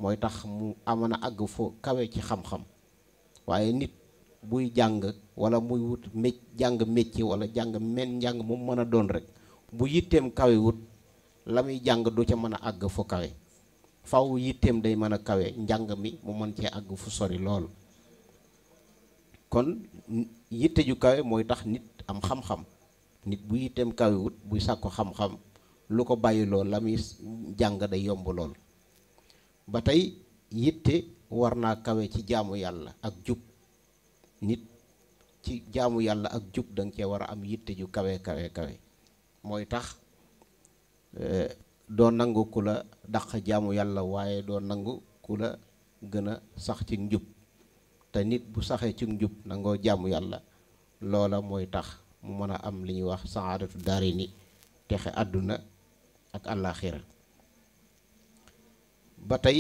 mooy tax mu amoon a àgg foo kawe ci xam-xam waaye nit buy jàng wala muy wut mecc jàng mecc wala jàng men njàng mu mën a doon rek bu yitteem kawe wut la muy jàng du ca mën a àgg fu kawe faw yitteem day mën a kawe njàng mi mu mën cee àgg fu sori lool kon yitte ju kawe mooy tax nit am xam-xam nit bu yitteem kawewut buy sàkku xam-xam lu ko bàyyi lool la muy jàng day yomb lool ba tey yitte war naa kawe ci jaamu yàlla ak jub nit ci jaamu yàlla ak jub danga cee war a am yitte ju kawe kawe kawe mooy tax eh, doo nangu ku la dàq jaamu yàlla waaye doo nangu ku la gën a sax ci njub te nit bu saxee ci njub nangoo jàmm yàlla loola mooy tax mu mën a am li ñuy wax saadatu daari ni texe àdduna ak àllaaxira ba tey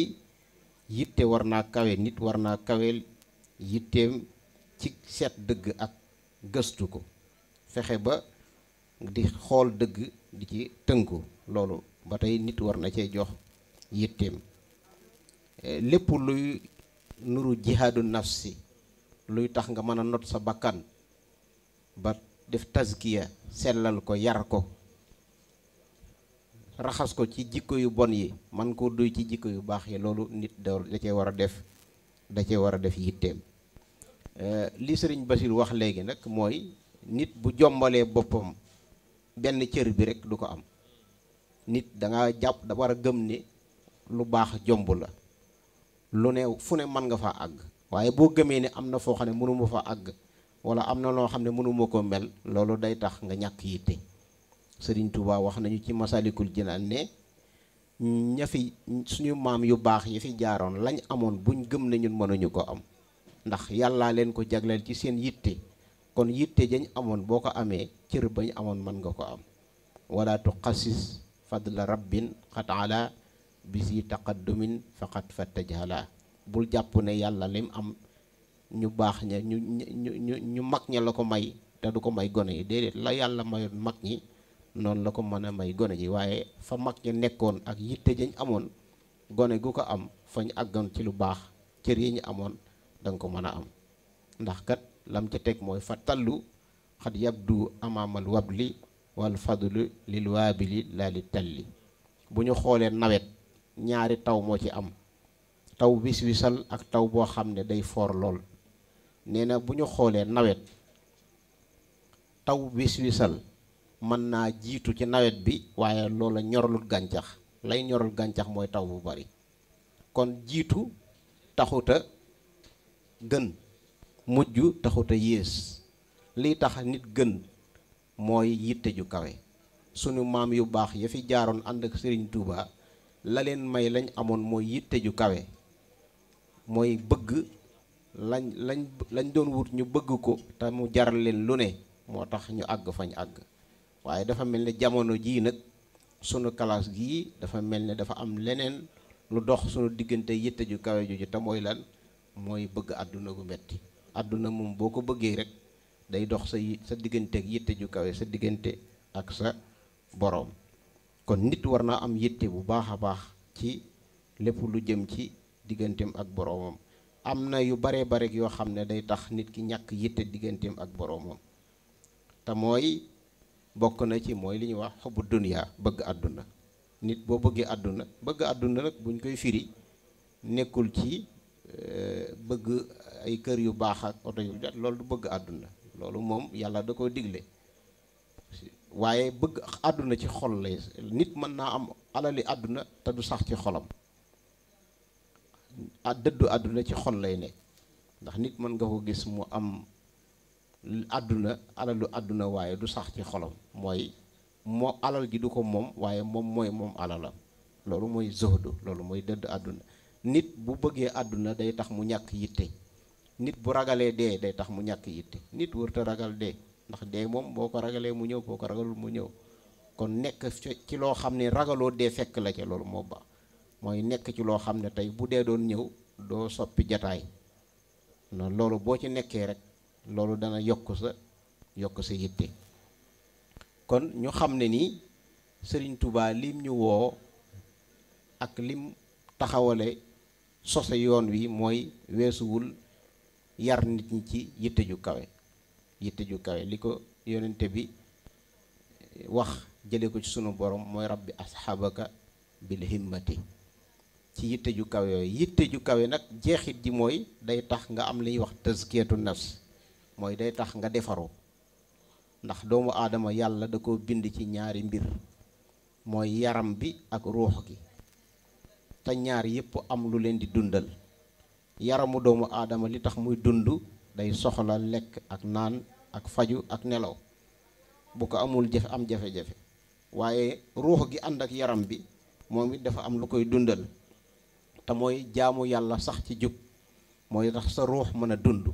yitte war naa kawe nit war naa kaweel yitteem ci seet dëgg ak gëstu ko fexe ba di xool dëgg di ci tënku loolu ba tey nit warna na jox yitteem eh, lépp luy nuru jihaadu nafsi luy tax nga mën a not sa bakkan ba def taskiya sellal ko yar ko raxas ko ci jikko yu bon yi man koo duy ci jikko yu baax yi loolu nit da cee war a def da cee war a def yitteem eh, li sëriñ Basil wax léegi nag mooy nit bu jombalee boppam benn cër bi rek du ko am nit da nga jàpp da war a gëm ni lu baax jomb la lu ne fu ne mën nga fa àgg waaye boo gëmee ne am na foo xam ne mënuma fa àgg wala am na loo xam ne mënuma ko mel loolu day tax nga ñàkk yitte sëriñ Touba wax nañu ci masalikul jinaan ne ña fi suñu maam yu baax yi fi jaaroon lañ amoon buñ gëm ne ñun mënuñu ko am ndax yàllaa leen ko jagleel ci seen yitte kon yitte jañ amoon boo ko amee cër bañ amoon mën nga ko am wala tuqassis fadla rabbin xat bisi taqaddumin faqat fatajala bul jàpp ne yàlla lim am ñu baax ña ñu ñu ñu ñu mag ña la ko may te du ko may gone yi déedéet la yàlla mayoon mag ñi noonu la ko mën a may gone ji waaye fa mag ñi nekkoon ak yitte jañ amoon gone gu ko am fañ àggoon ci lu baax cër yi ñu amoon danga ko mën a am ndax kat lam ca teg mooy fa tallu xat yabdu amaamal wabli wal fadlu lil waabili laa li talli bu ñu xoolee nawet ñaari taw moo ci am taw wis-wisal ak taw boo xam ne day foor lool nee na bu ñu xoolee nawet taw wis-wisal mën naa jiitu ci nawet bi waaye loola ñoralul gàncax lay ñoral gàncax mooy taw bu bari kon jiitu taxuta gën mujj taxuta yées lii tax nit gën mooy yitte ju kawe sunu maam yu baax ya fi jaaroon ànd ak Serigne Touba. la leen may lañ amoon mooy yitte ju kawe mooy bëgg lañ lañ lañ doon wut ñu bëgg ko te mu jaral leen lu ne moo tax ñu àgg fañ àgg waaye dafa mel ne jamono jii nag sunu kalaas gii dafa mel ne dafa am leneen lu dox sunu diggante yitte ju kawe ju te mooy lan mooy bëgg àdduna gu metti àdduna moom boo ko bëggee rek day dox sa sa diggante ak yitte ju kawe sa diggante ak sa boroom kon nit war naa am yitte bu baax a baax ci lépp lu jëm ci digganteem ak boroomam am na yu baree bare yoo xam ne day tax nit ki ñàkk yitte digganteem ak boroomam te mooy bokk na ci mooy li ñuy wax xobu duniyaa bëgg àdduna nit boo bëggee àdduna bëgg àdduna nag buñ koy firi nekkul ci eh, bëgg ay kër yu baax ak oto yu jot loolu du bëgg àdduna loolu moom yàlla da koo digle waaye bëgg àdduna ci xol lay nit mën naa am alali àdduna te du sax ci xolam ah dëddu àdduna ci xol lay nekk ndax nit mën nga ko gis mu am àdduna alalu àdduna waaye du sax ci xolam mooy moo alal gi du ko moom waaye moom mooy moom alalam loolu mooy zohdu loolu mooy dëdd àdduna nit bu bëggee àdduna day tax mu ñàkk yitte nit bu ragalee dee day tax mu ñàkk yitte nit wërta ragal dee ndax dee moom boo ko ragalee mu ñëw boo ko ragalul mu ñëw kon nekk ci loo xam ne ragaloo dee fekk la ca loolu moo baax mooy nekk ci loo xam ne tey bu dee doon ñëw doo soppi jataay noonu loolu boo ci nekkee rek loolu dana yokk sa yokk sa yitte kon ñu xam ne nii Sëriñ tubaa lim ñu woo ak lim taxawale sose yoon wi mooy weesuwul yar nit ñi ci yitte ju kawe yitte ju kawe li ko yonente bi eh, wax jële ko ci sunu borom mooy rabbi asxaabaka bil himmati ci yitte ju kawe yitte ju kawe nag jeexit ji mooy day tax nga am li ñuy wax tazkiyatu nas mooy day tax nga defaroo ndax doomu aadama yàlla da ko bind ci ñaari mbir mooy yaram bi ak ruux gi te ñaar yépp am lu leen di dundal yaramu doomu aadama li tax muy dund day soxla lekk ak naan ak faju ak nelaw bu ko amul jafe am jafe-jafe waaye ruux gi ànd ak yaram bi moom it dafa am lu koy dundal te mooy jaamu yàlla sax ci jub mooy tax sa ruux mën a dund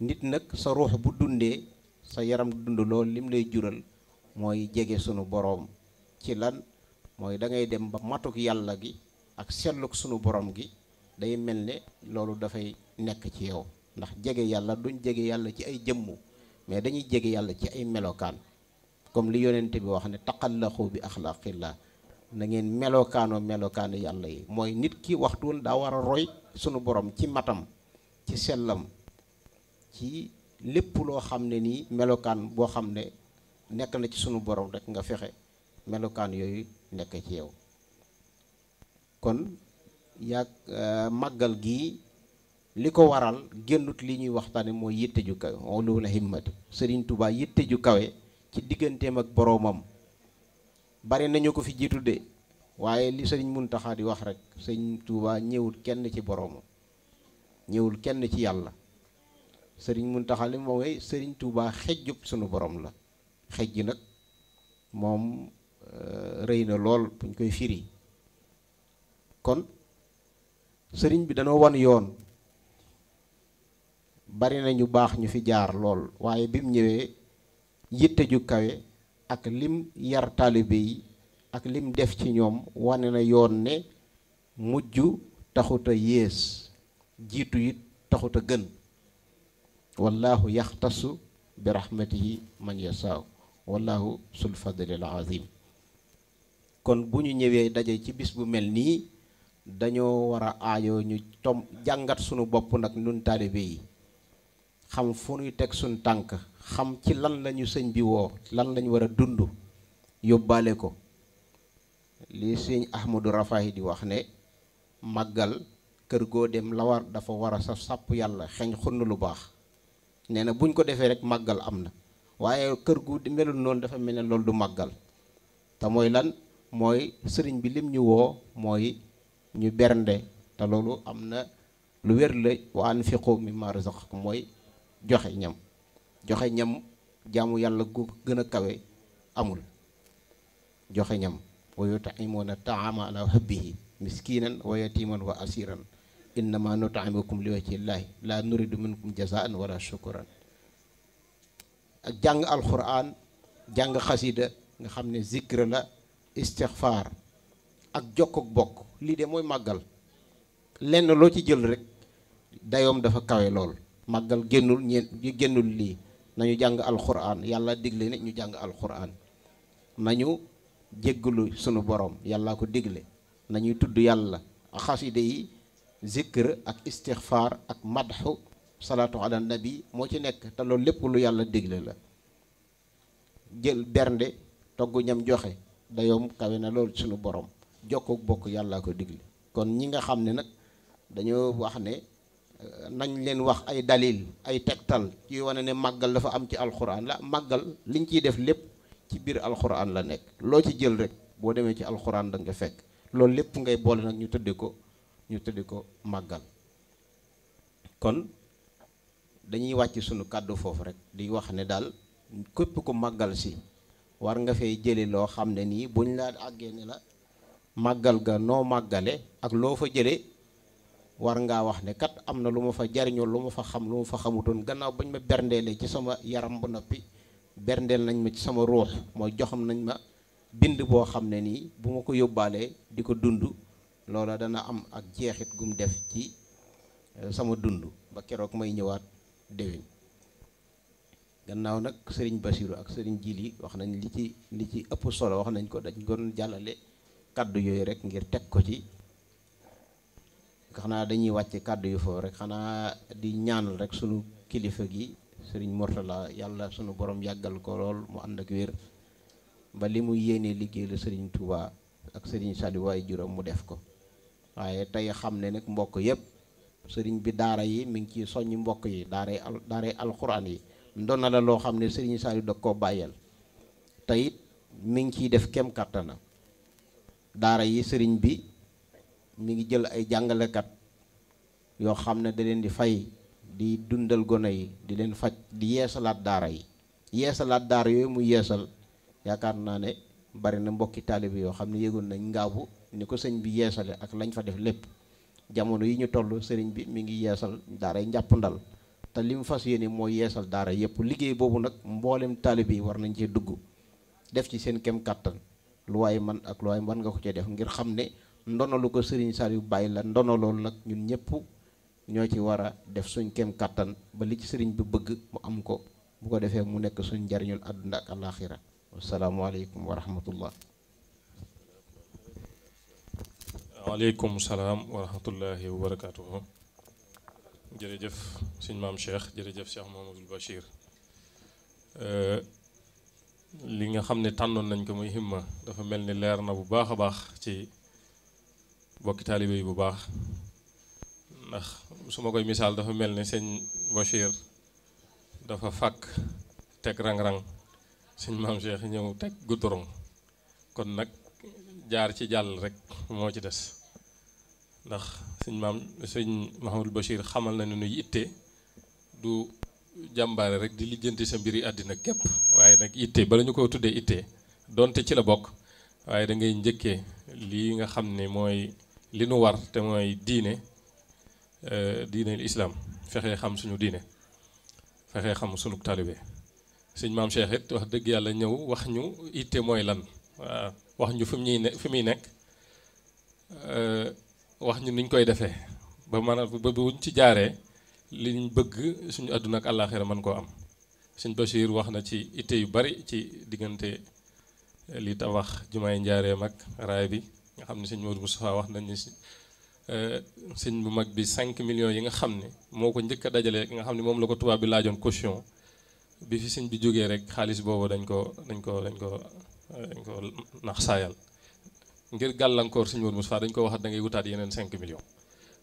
nit nag sa ruux bu dundee sa yaram dund lool lim lay jural mooy jege sunu boroom ci lan mooy dangay dem ba matuk yàlla gi ak selluk sunu borom gi day mel ne loolu dafay nekk ci yow ndax jege yàlla duñ jege yàlla ci ay jëmmu mais dañuy jege yàlla ci ay melokaan comme li yonent bi wax ne la bi laa na ngeen melokaanoo melokaanu yàlla yi mooy nit ki waxtuun daa war a roy sunu borom ci matam ci sellam ci lépp loo xam ne nii melokaan boo xam ne nekk na ci sunu borom rek nga fexe melokaan yooyu nekk ci yow kon euh, màggal gi li ko waral génnut li ñuy waxtaane mooy yitte ju kawe ulul himmati Serigne Touba yitte ju kawe ci digganteem ak boroomam bari nañu ko fi jiitu de waaye li sëriñ mun Mountakha di wax rek Serigne tuubaa ñëwul kenn ci boroomam ñëwul kenn ci yàlla Serigne Mountakha li mooy Serigne Touba xejjub sunu borom la xej ji nag moom euh, rëy na lool buñ koy firi kon sëriñ bi danoo wan yoon. bari na ñu baax ñu fi jaar lool waaye bi mu ñëwee yitte ju kawe ak lim yar taalibe yi ak lim def ci ñoom wane na yoon ne mujj taxut a yées jiitu it taxut a gën wallahu yaxtasu bi yi man yasaaw wallahu sul fadlil azim kon bu ñu ñëwee daje ci bis bu mel nii dañoo war a aajoo ñu tom jàngat sunu bopp nag nun taalibe yi xam fu nuy teg suñ tànk xam ci lan lañu sëñ bi woo lan lañu war a dund yóbbaale ko li sëñ Ahmadou Rafahi di wax ne màggal kër goo dem lawar dafa war a saf sàpp yàlla xeeñ xunn lu baax nee na buñ ko defee rek màggal am na waaye kër gu melul noonu dafa mel ne loolu du màggal te mooy lan mooy sëriñ bi lim ñu woo mooy ñu bernde te loolu am na lu wér la wa anfiqu mimma razaqakum mooy joxe ñam joxe ñam jaamu yàlla gu gën a kawe amul joxe ñam wa yut'imuuna taama ala hubbihi miskinan wa yatiman wa asiran innama nut'imukum li wajhi llahi la nuridu minkum jazaan wala shukuran ak jàng alquran jàng xasida nga xam ne zikr la istixfaar ak jokk ak bokk lii de mooy màggal lenn loo ci jël rek dayoom dafa kawe lool màggal génnul ñeent génnul lii nañu jàng alxuraan yàlla digle ne ñu jàng alxuraan nañu jéggalu sunu borom yàlla ko digle nañuy tudd yàlla xaside yi zikr ak istixfaar ak madxu salaatu ala nabi moo ci nekk te loolu lépp lu yàlla digle la jël bernde togg ñam joxe dayoom kawe na lool sunu borom jokkook bokk yàlla ko digle kon ñi nga xam ne nag dañoo wax ne nañ leen wax ay dalil ay tegtal ci wane ne màggal dafa am ci alxuraan la màggal liñ ciy def lépp ci biir alxuraan la nekk loo ci jël rek boo demee ci alxuraan da fekk loolu lépp ngay boole nag ñu tëdde ko ñu tëdd ko màggal kon dañuy wàcc sunu kàddu foofu rek di wax ne daal képp ko màggal si war nga fay jële loo xam ne nii ñu laa àggee ne la màggal ga noo màggale ak loo fa jële war ngaa wax ne kat am na lu ma fa jariñoo lu ma fa xam lu ma fa xamutoon gannaaw bañ ma berndeele ci sama yaram ba noppi berndeel nañ ma ci sama ruux mooy joxam nañ ma bind boo xam ne nii bu ma ko yóbbaalee di ko dund loola dana am ak jeexit gum def ci eh, sama dund ba keroog may ñëwaat dewin gannaaw nag sëriñ Basiru ak sëriñ Jili wax nañ li ci li ci ëpp solo wax nañ ko dañ ko jàllale kàddu yooyu rek ngir teg ko ci xanaa dañuy wàcce kàddu yu foofu rek xanaa di ñaanal rek sunu kilifa gi sëriñ Mourtala yàlla sunu borom yàggal ko lool mu ànd ak wér ba li muy yéenee liggéey la sëriñ Touba ak sëriñ Saliou waaye juróom mu def ko waaye tey xam ne nag mbokk yëpp sëriñ bi daara yi mi ngi ciy soññ mbokk yi daara al alxuraan yi ndoon na loo xam ne sëriñ Saliou da koo bàyyeel tey it mi ngi ciy def kem kàttana daara yi sëriñ bi. mi ngi jël ay jàngalekat yoo xam ne da leen di fay di dundal gone yi di leen faj di yeesalaat daara yi yeesalaat daara yooyu mu yeesal yaakaar naa ne bari na mbokki taalibe yoo xam ne yëgoon nañ ngaabu ni ko sëñ bi yeesale ak lañ fa def lépp jamono yi ñu toll sëriñ bi mi ngi yeesal daara yi njàpp ndal te li mu fas yéene mooy yeesal daara yëpp liggéey boobu nag mboolem taalibe yi war nañ cee dugg def ci seen kem kàttan lu waaye man ak lu waay man nga ko cee def ngir xam ne ndono lu ko Serigne Saliou bàyyi la ndono loolu nag ñun ñëpp ñoo ci war a def suñ kem kàttan ba li ci sëriñ bi bëgg mu am ko bu ko defee mu nekk suñ njariñul àdduna ak alaaxira wasalaamualeykum wa rahmatullah. waaleykum salaam wa rahmatullahi wa barakaatuhu. jërëjëf suñ maam Cheikh jërëjëf Cheikh Mouhamadul Bachir. Euh, li nga xam ne tànnoon nañ ko muy himma dafa mel ni leer na bu baax a baax ci. bokki taalibe yi bu baax ndax su ma koy misaal dafa mel ne sëñ Bachir dafa fàkk teg rang-rang sëñ maam Cheikh ñëw teg guddoron kon nag jaar ci jàll rek moo ci des ndax sëñ maam sëñ Mahamadul Bachir xamal nañu nu du jàmbaare rek di lijjanti sa mbiri àddina képp waaye nag itte bala ñu ko tuddee yitte donte ci la bokk waaye dangay ngay njëkkee lii nga xam ne mooy li nu war te mooy diine euh, diine islaam fexe xam suñu diine fexe xam suñu taalibe suñ maam Cheikh wax dëgg yàlla ñëw wax ñu ite mooy lan waaw wax ñu fi muy ne fi muy nekk euh, wax ñu niñ koy defee ba mën a ba buñ ci jaaree liñ bëgg suñu àdduna ak àllaaxira mën koo am suñ Bachir wax na ci itte yu bari ci diggante euh, li tabax jumaay njaareem ak raay bi nga xam ne sëñ Modou Moustapha wax nañ ne si euh, sëñ bu mag bi 5 millions yi nga xam ne moo ko njëkk a dajale nga xam ne moom la ko tubaab bi laajoon caution bi fi sëñ bi jógee rek xaalis boobu dañ ko dañ ko dañ ko dañ ko nax saayal ngir gàllankoor sëñ Modou Moustapha dañ ko waxaat da wutaat yeneen 5 millions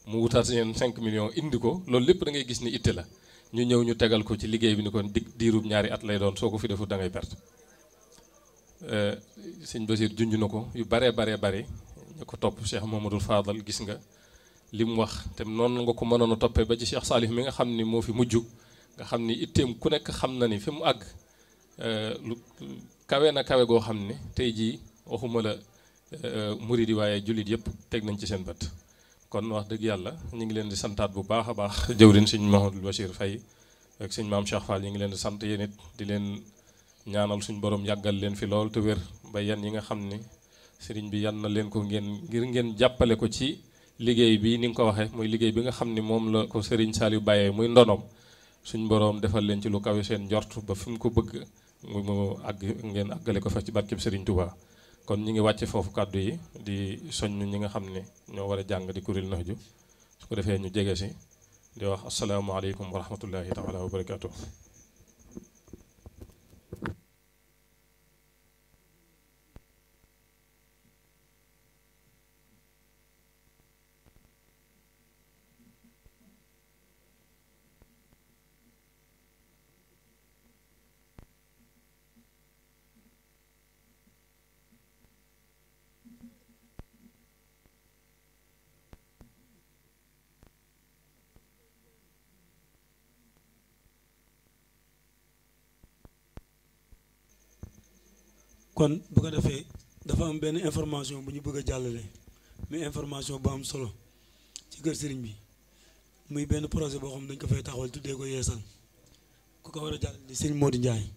mu wutaat yeneen cinq millions indi ko loolu lépp da ngay gis ni itte la ñu ñëw ñu tegal ko ci liggéey bi ni kon dig diirub ñaari at lay doon soo ko fi defut da ngay perte euh, junj na ko yu baree baree bare ñu ko topp Cheikh Mamadou faadal gis nga li mu wax te noonu nga ko mënoon a toppee ba ci Cheikh Salih mi nga xam ni moo fi mujj nga xam ni itteem ku nekk xam na ni fi mu àgg euh, lu kawe na kawe goo xam ne tey jii waxuma la euh, muridi waaye jullit yëpp teg nañ ci seen bët. kon wax dëgg yàlla ñu ngi leen di santaat bu baax a baax jëwrin sëñ Mahamadou Bachir Faye ak maam Cheikh Fall ñu ngi leen di sant yéen it di leen ñaanal suñu borom yàggal leen fi lool te wér ba yan yi nga xam ni sëriñ bi yan na leen ko ngeen ngir ngeen jàppale ko ci liggéey bi ni nga ko waxee muy liggéey bi nga xam ni moom la ko sëriñ yu bàyyee muy ndonoom suñ boroom defal leen ci lu kawe seen njort ba fi mu ko bëgg mu àgg ngeen àggale ko fa ci barkeb sëriñ Touba. kon ñu ngi wàcce foofu kàddu yi di soñ soññ ñi nga xam ne ñoo war a jàng di kuréel Nahju su ko defee ñu jege si di wax asalaamaaleykum wa rahmatullahi taala wa barakaatu. kon bu ko defee dafa am benn information bu ñu bëgg a jàllale mais information bu am solo ci kër sëriñ bi muy benn projet boo xam dañ ko fay taxawal tuddee ko yeesal ku ko war a jàllale moo di Ndiaye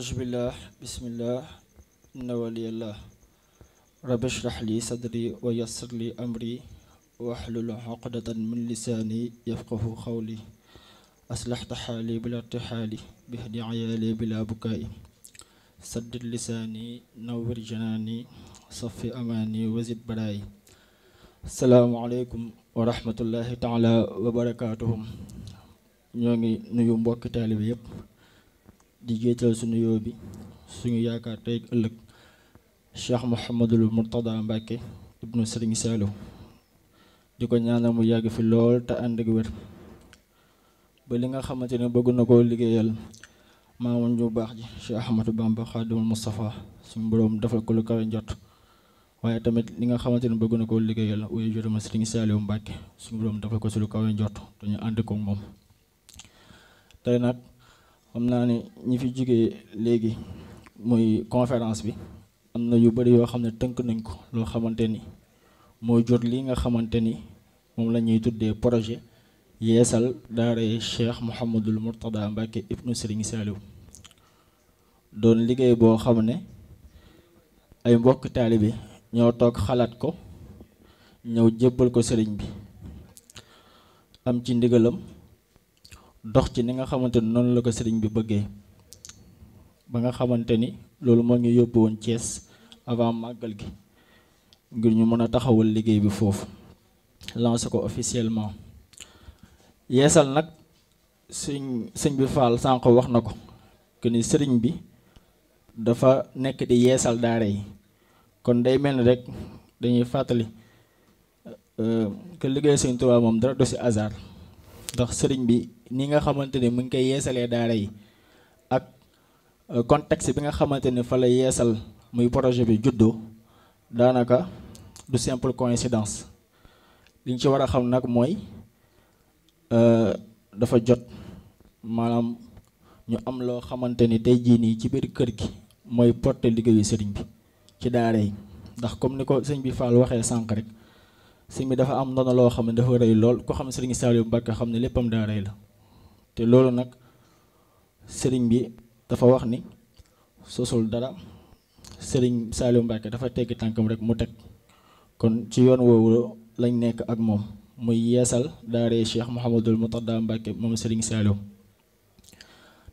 auzubillah bismillah inna waliyallah rabbi shrah li sadri wa yassir li amri wahlul uqdatan min lisaani yafqahu qawli aslahta xaali bila irtixaali bihdi ayaali bila bukaa'i saddid lisaani nawwir janaani safi amaani wazid baraayi salaamualeykum wa rahmatullahi taala wa barakaatuhum ñoo ngi nuyu mbokki taalibi yépp di jiital suñu yoo bi suñu yaakaar tey ëllëg cheikh Mouhamadul Mourtada Mbacke ibnu Serigne Saliou di ko ñaanal mu yàgg fi lool te ànd ak wér ba li nga xamante ne bëgg na koo liggéeyal maamu ju baax ji cheikh Ahmadou Bamba Khadimul Moustapha suñu borom defal ko lu kawe njot waaye tamit li nga xamante ne bëgg na koo liggéeyal wuyu jotuma Serigne Saliou Mbacke suñu borom defal ko si lu kawe njot te ñu ànd ko moom tey nag. xam naa ne ñi fi jógee léegi muy conférence bi am na yu bari yoo xam ne tënk nañ ko loo xamante ni moo jot lii nga xamante ni moom la ñuy tuddee projet yeesal daara Cheikh Mouhamadul Mourtada Mbacke ibnu Serigne Saliou doon liggéey boo xam ne ay mbokk taalibe ñoo toog xalaat ko ñëw jébbal ko sëriñ bi am ci ndigalam dox ci ni nga xamante ni noonu la ko sëriñ bi bëggee ba nga xamante ni loolu moo ñu yóbbu woon cees avant màggal gi ngir ñu mën a taxawal liggéey bi foofu lancé ko officiellement yeesal nag suñ sëñ bi Fall sànq wax na ko que ni sëriñ bi dafa nekk di yeesal daara yi kon day mel ni rek dañuy fàttali euh, que liggéey sëñ Tuubaa moom dara du si hasard ndax sëriñ bi ni nga xamante ni mu ngi koy yeesalee daara yi ak euh, contexte bi nga xamante ne fa la yeesal muy projet bi juddoo daanaka du simple coïncidence li ñu ci war a xam nag mooy euh, dafa jot maanaam ñu am loo xamante ni tey jii nii ci biir kër gi mooy porte liggéeyu sëriñ bi ci daara yi ndax comme ni ko sëñ bi Fall waxee sànq rek. sëñ bi dafa am ndono loo xam ne dafa rëy lool ku xam sëriñ Saliou Mbacké xam ne léppam daa rëy la te loolu nag sëriñ bi dafa wax ni sosul dara sëriñ Saliou Mbacké dafa teggi tànkam rek mu teg kon ci yoon woowu lañ nekk ak moom muy yeesal daaree Cheikh Mouhamadul Mourtada Mbacké moom sëriñ Saliou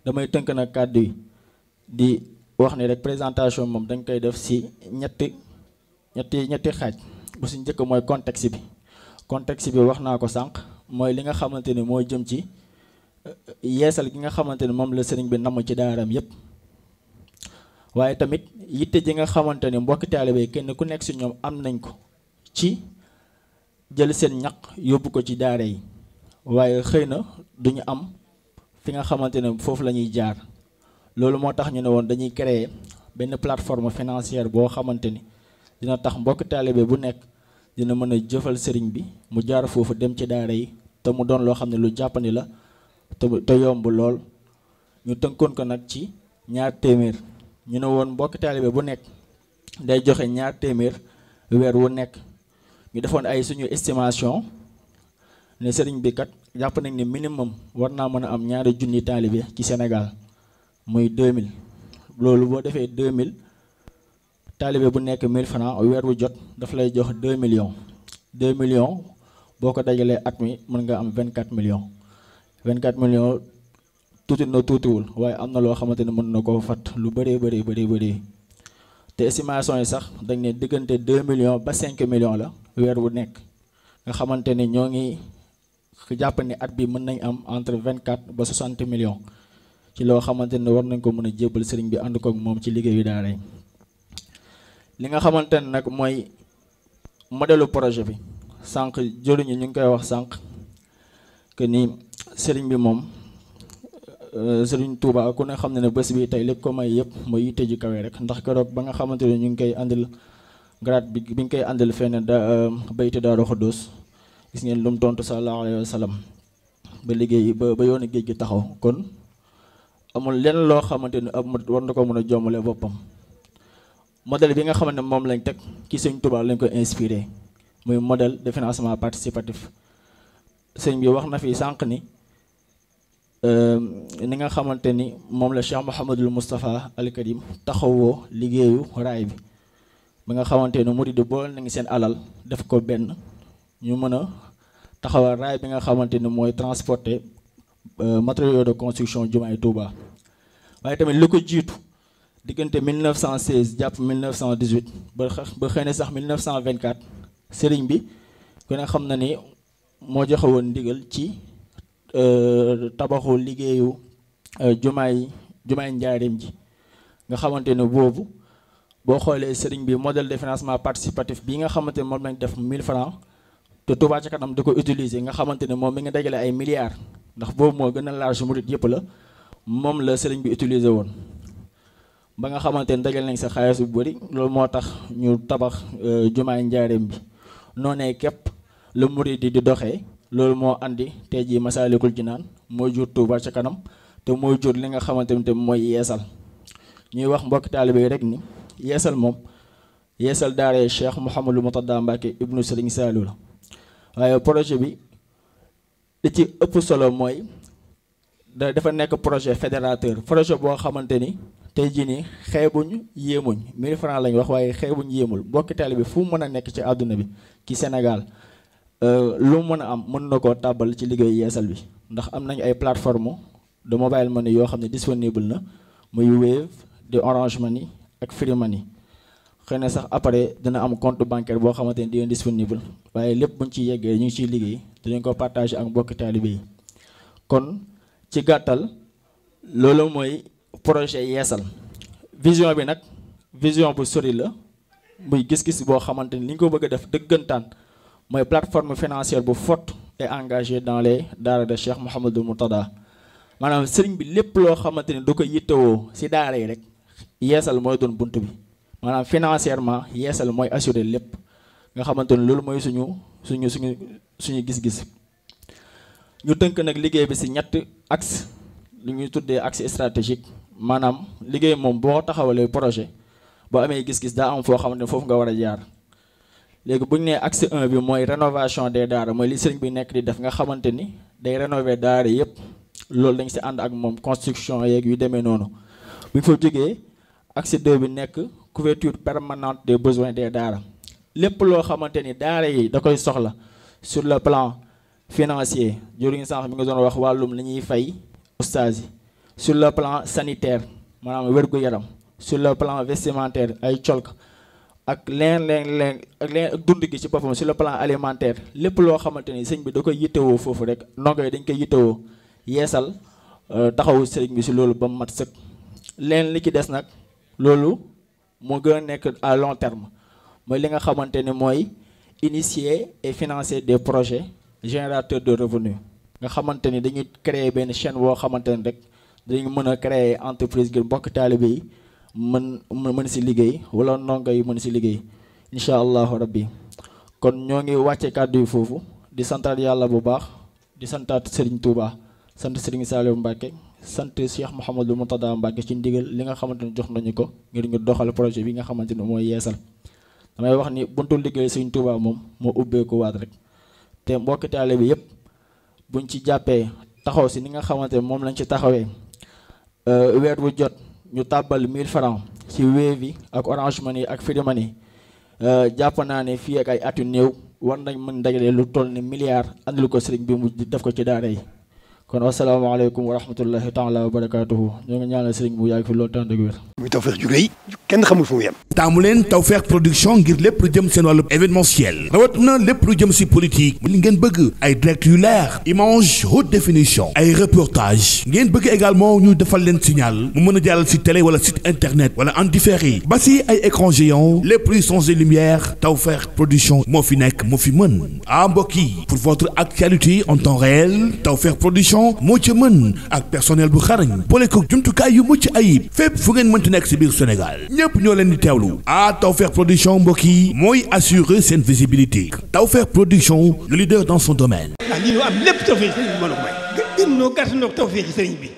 damay tënk nag kàddu di wax ni rek présentation moom dañ koy def si ñetti ñetti ñetti xaaj bu si njëkk mooy contexte bi contexte bi wax naa ko sànq mooy li nga xamante ni mooy jëm ci euh, yeesal gi nga xamante ni moom la sëriñ bi namm ci daaraam yépp waaye tamit yitte ji nga xamante ni mbokki taalibe kenn ku nekk si ñoom am nañ ko ci jël seen ñaq yóbbu ko ci daara yi waaye xëy na duñu am fi nga xamante ne foofu la ñuy jaar loolu moo tax ñu ne woon dañuy créer benn plateforme financière boo xamante ni dina tax mbokk taalibe bu nekk dina mën a jëfal sëriñ bi mu jaar foofu dem ci daara yi te mu doon loo xam ne lu jàppandi la te yomb lool ñu tënkoon ko nag ci ñaar téeméer ñu ne woon mbokk taalibe bu nekk day joxe ñaar téeméer weer wu nekk ñu defoon ay suñu estimation ne sëriñ bi kat jàpp nañ ne minimum war naa mën a am ñaari junni taalibe ci Sénégal muy 2000 loolu boo defee 2000 taalibe bu nekk 1000 francs weer wu jot daf lay jox 2 million deux million boo ko dajalee at mi mën nga am million vingt 24 million tuuti na tuutiwul waaye am na loo xamante ne mën na koo fat lu bëree bëri bëri bëri te estimation yi sax dañ ne diggante deux million ba cinq million la weer wu nekk nga xamante ne ñoo ngi jàpp ni at bi mën nañ am entre 24 ba 60 million ci loo xamante ne war nañ ko mën a jébbal sëriñ bi ànd koog moom ci liggéeyu daara yi li nga xamante ne nag mooy modèle projet bi sànq jëriñu ñu ngi koy wax sànq que ni sëriñ bi moom euh, sëriñ Touba ku ne xam ne ne bés bii tey lépp ko may yëpp mooy yitte ju kawe rek ndax keroog ba nga xamante ne ñu ngi koy àndil grade bi bi nga koy àndil fenn da euh, bayti Daaru Xuddoos gis ngeen lu tontu sallallahu alayhi wa ba liggéey ba ba yoonu géej gi taxaw kon amul lenn loo xamante ni ab war na ko mën a jommalee boppam. modèle bi nga xam ne moom lañ teg ci sëñ Touba lañ koy inspiré muy modèle de financement participatif sëñ bi wax na fi sànq ni euh, ni nga xamante ni moom la Cheikh Mouhamadul Moustapha Al Karim taxawoo liggéeyu raay bi ba nga xamante ni murid boole ngi seen alal def ko benn ñu mën a taxawal raay bi nga xamante ni mooy transporter euh, matériaux de construction jumaay Touba waaye tamit li ko jiitu. diggante cent 1916 jàpp 1918 ba xa ba xëy na sax 1924 sëriñ bi gën a xam na ni moo joxe woon ndigal ci euh, tabaxu liggéeyu euh, jumaay jumaay njaarim ji nga xamante ne boobu boo xoolee sëriñ bi modèle de financement participatif bi nga xamante ne moom lañ def 1000 francs te Touba Ca Kanam di ko utiliser nga xamante ne moom mi nga dajale ay milliards ndax boobu moo gën a large murit yëpp la moom la sëriñ bi utiliser woon ba nga xamante ne dajal nañ sa xaalis bu bëri loolu moo tax ñu tabax euh, jumaay njaareem bi noonee képp la murid di doxee loolu moo indi te jii Masaalikul Jinaan mooy jur Tuuba sa kanam te mooy jur li nga xamante ne mooy yeesal ñuy wax mbokk taalibe yi rek ni yeesal moom yeesal daaree Cheikh Mouhamadou Mourtada Mbacké ibnu Serigne Saliou la waaye projet bi li ci ëpp solo mooy da dafa nekk projet fédérateur projet boo xamante ni tey jii nii xeebuñ yéemuñ 1000 francs lañ wax waaye xeebuñ yéemul mbokki taalibe bi fu mu mën a nekk ci àdduna bi ci Sénégal euh, lu mu mën a am mën na koo tàbbal ci liggéey yeesal bi ndax am nañ ay plateforme de mobile money yoo xam ne disponible na muy Wave di Orange Money ak Free Money xëy na sax après dina am compte bancaire boo xamante ni dina disponible waaye lépp buñ ci yeggee ñu ngi ciy liggéey dinañ ko partager ak mbokki taalibe yi kon ci gàttal loolu projet yeesal vision bi nag vision bu sori la muy gis-gis boo xamante ni li ñu ko bëgg a def dëggantaan mooy plateforme financière bu forte et engagée dans les daara de Cheikh Mouhamadou Mourtada maanaam sëriñ bi lépp loo xamante ni du ko yittewoo si daara yi rek yeesal mooy doon bunt bi maanaam financièrement yeesal mooy assurer lépp nga xamante ni loolu mooy suñu suñu suñu suñu gis-gis ñu tënk nag liggéey bi si ñett axe li ñuy tuddee axe stratégique maanaam liggéey moom boo taxawalee projet boo amee gis-gis daa am foo xamante ne foofu nga war a jaar léegi bu ñu nee axe 1 bi mooy rénovation des daara mooy li sëriñ bi nekk di def nga xamante ni day rénover daara yëpp loolu dañ si ànd ak moom construction yeeg yu demee noonu bu ñu fa jógee axe 2 bi nekk couverture permanente des besoins des daara lépp loo xamante ni daara yi da koy soxla sur le plan financier jur gi sànq mi nga doon wax wàllum li ñuy fay. oustaz yi sur le plan sanitaire maanaam wér-gu-yaram sur le plan vestimentaire ay colk ak leen leen leen ak leen ak dund gi ci boppam sur le plan alimentaire lépp loo xamante ni sëñ bi da koy yittewoo foofu rek ndongo yi dañ koy yittewoo yeesal euh, taxawu sëriñ bi si loolu ba mu mat sëkk leen li ci des nag loolu moo gën a nekk à long terme mooy li nga xamante ni mooy initier et financer des projet générateur de revenus nga xamante ni dañuy créer benn chaine boo xamante ni rek dañu mën a créer entreprise ngir mbokk taalibe yi mën mën si liggéey wala ndongo yi mën si liggéey incha allahu rabbi kon ñoo ngi wàcce kàddu yi foofu di santaat yàlla bu baax di santaat Serigne Touba sant Serigne Saliou Mbacke sant Cheikh Mouhamadou Moutada Mbacke ci ndigal li nga xamante ni jox nañu ko ngir ñu doxal projet bi nga xamante ni mooy yeesal damay wax ni buntu liggéey Serigne Touba moom moo ubbeeku waat rek te mbokki taalibe bi yëpp. buñ ci jàppee taxaw si ni nga xamante moom lañ ci taxawee euh, weer wu jot ñu tàbbal 1000 francs ci Wave yi ak Orange Money ak Free Money euh, jàpp naa ne fii ak ay at yu néew war nañ mën dajale lu toll ni milliard andil ko sëriñ bi mu def ko ci daara yi kon asalaamaaleykum wa rahmatullahi taala wa barakaatuhu ñoo ngi ñaanal sëriñ bu yàgg fi loolu tànn dëgg wér. muy tawfeex ju kenn xamul fu mu yem. taamu leen tawfeex production ngir lépp lu jëm seen wàllu événementiel rawat na lépp lu jëm si politique li ngeen bëgg ay direct yu leer image haute définition ay reportage ngeen bëgg également ñu defal leen signal mu mën a jàllal si télé wala site internet wala en différé ba si ay écran géant lépp luy changé lumière tawfeex production moo fi nekk moo fi mën ah mbokk yi pour votre actualité en temps réel tawfeex production Auchan moo ca mën ak personnel bu xarañ boole ko jumtukaay yu mucc ayib fépp fu ngeen mënti nekk si biir Sénégal ñépp ñoo leen di teewlu ah Tawfekh production mbokk yi mooy assurer seen visibilité Tawfekh production le leader dans son domaine. ah lii am lépp Tawfekh sëriñ bi mën a may. gën noo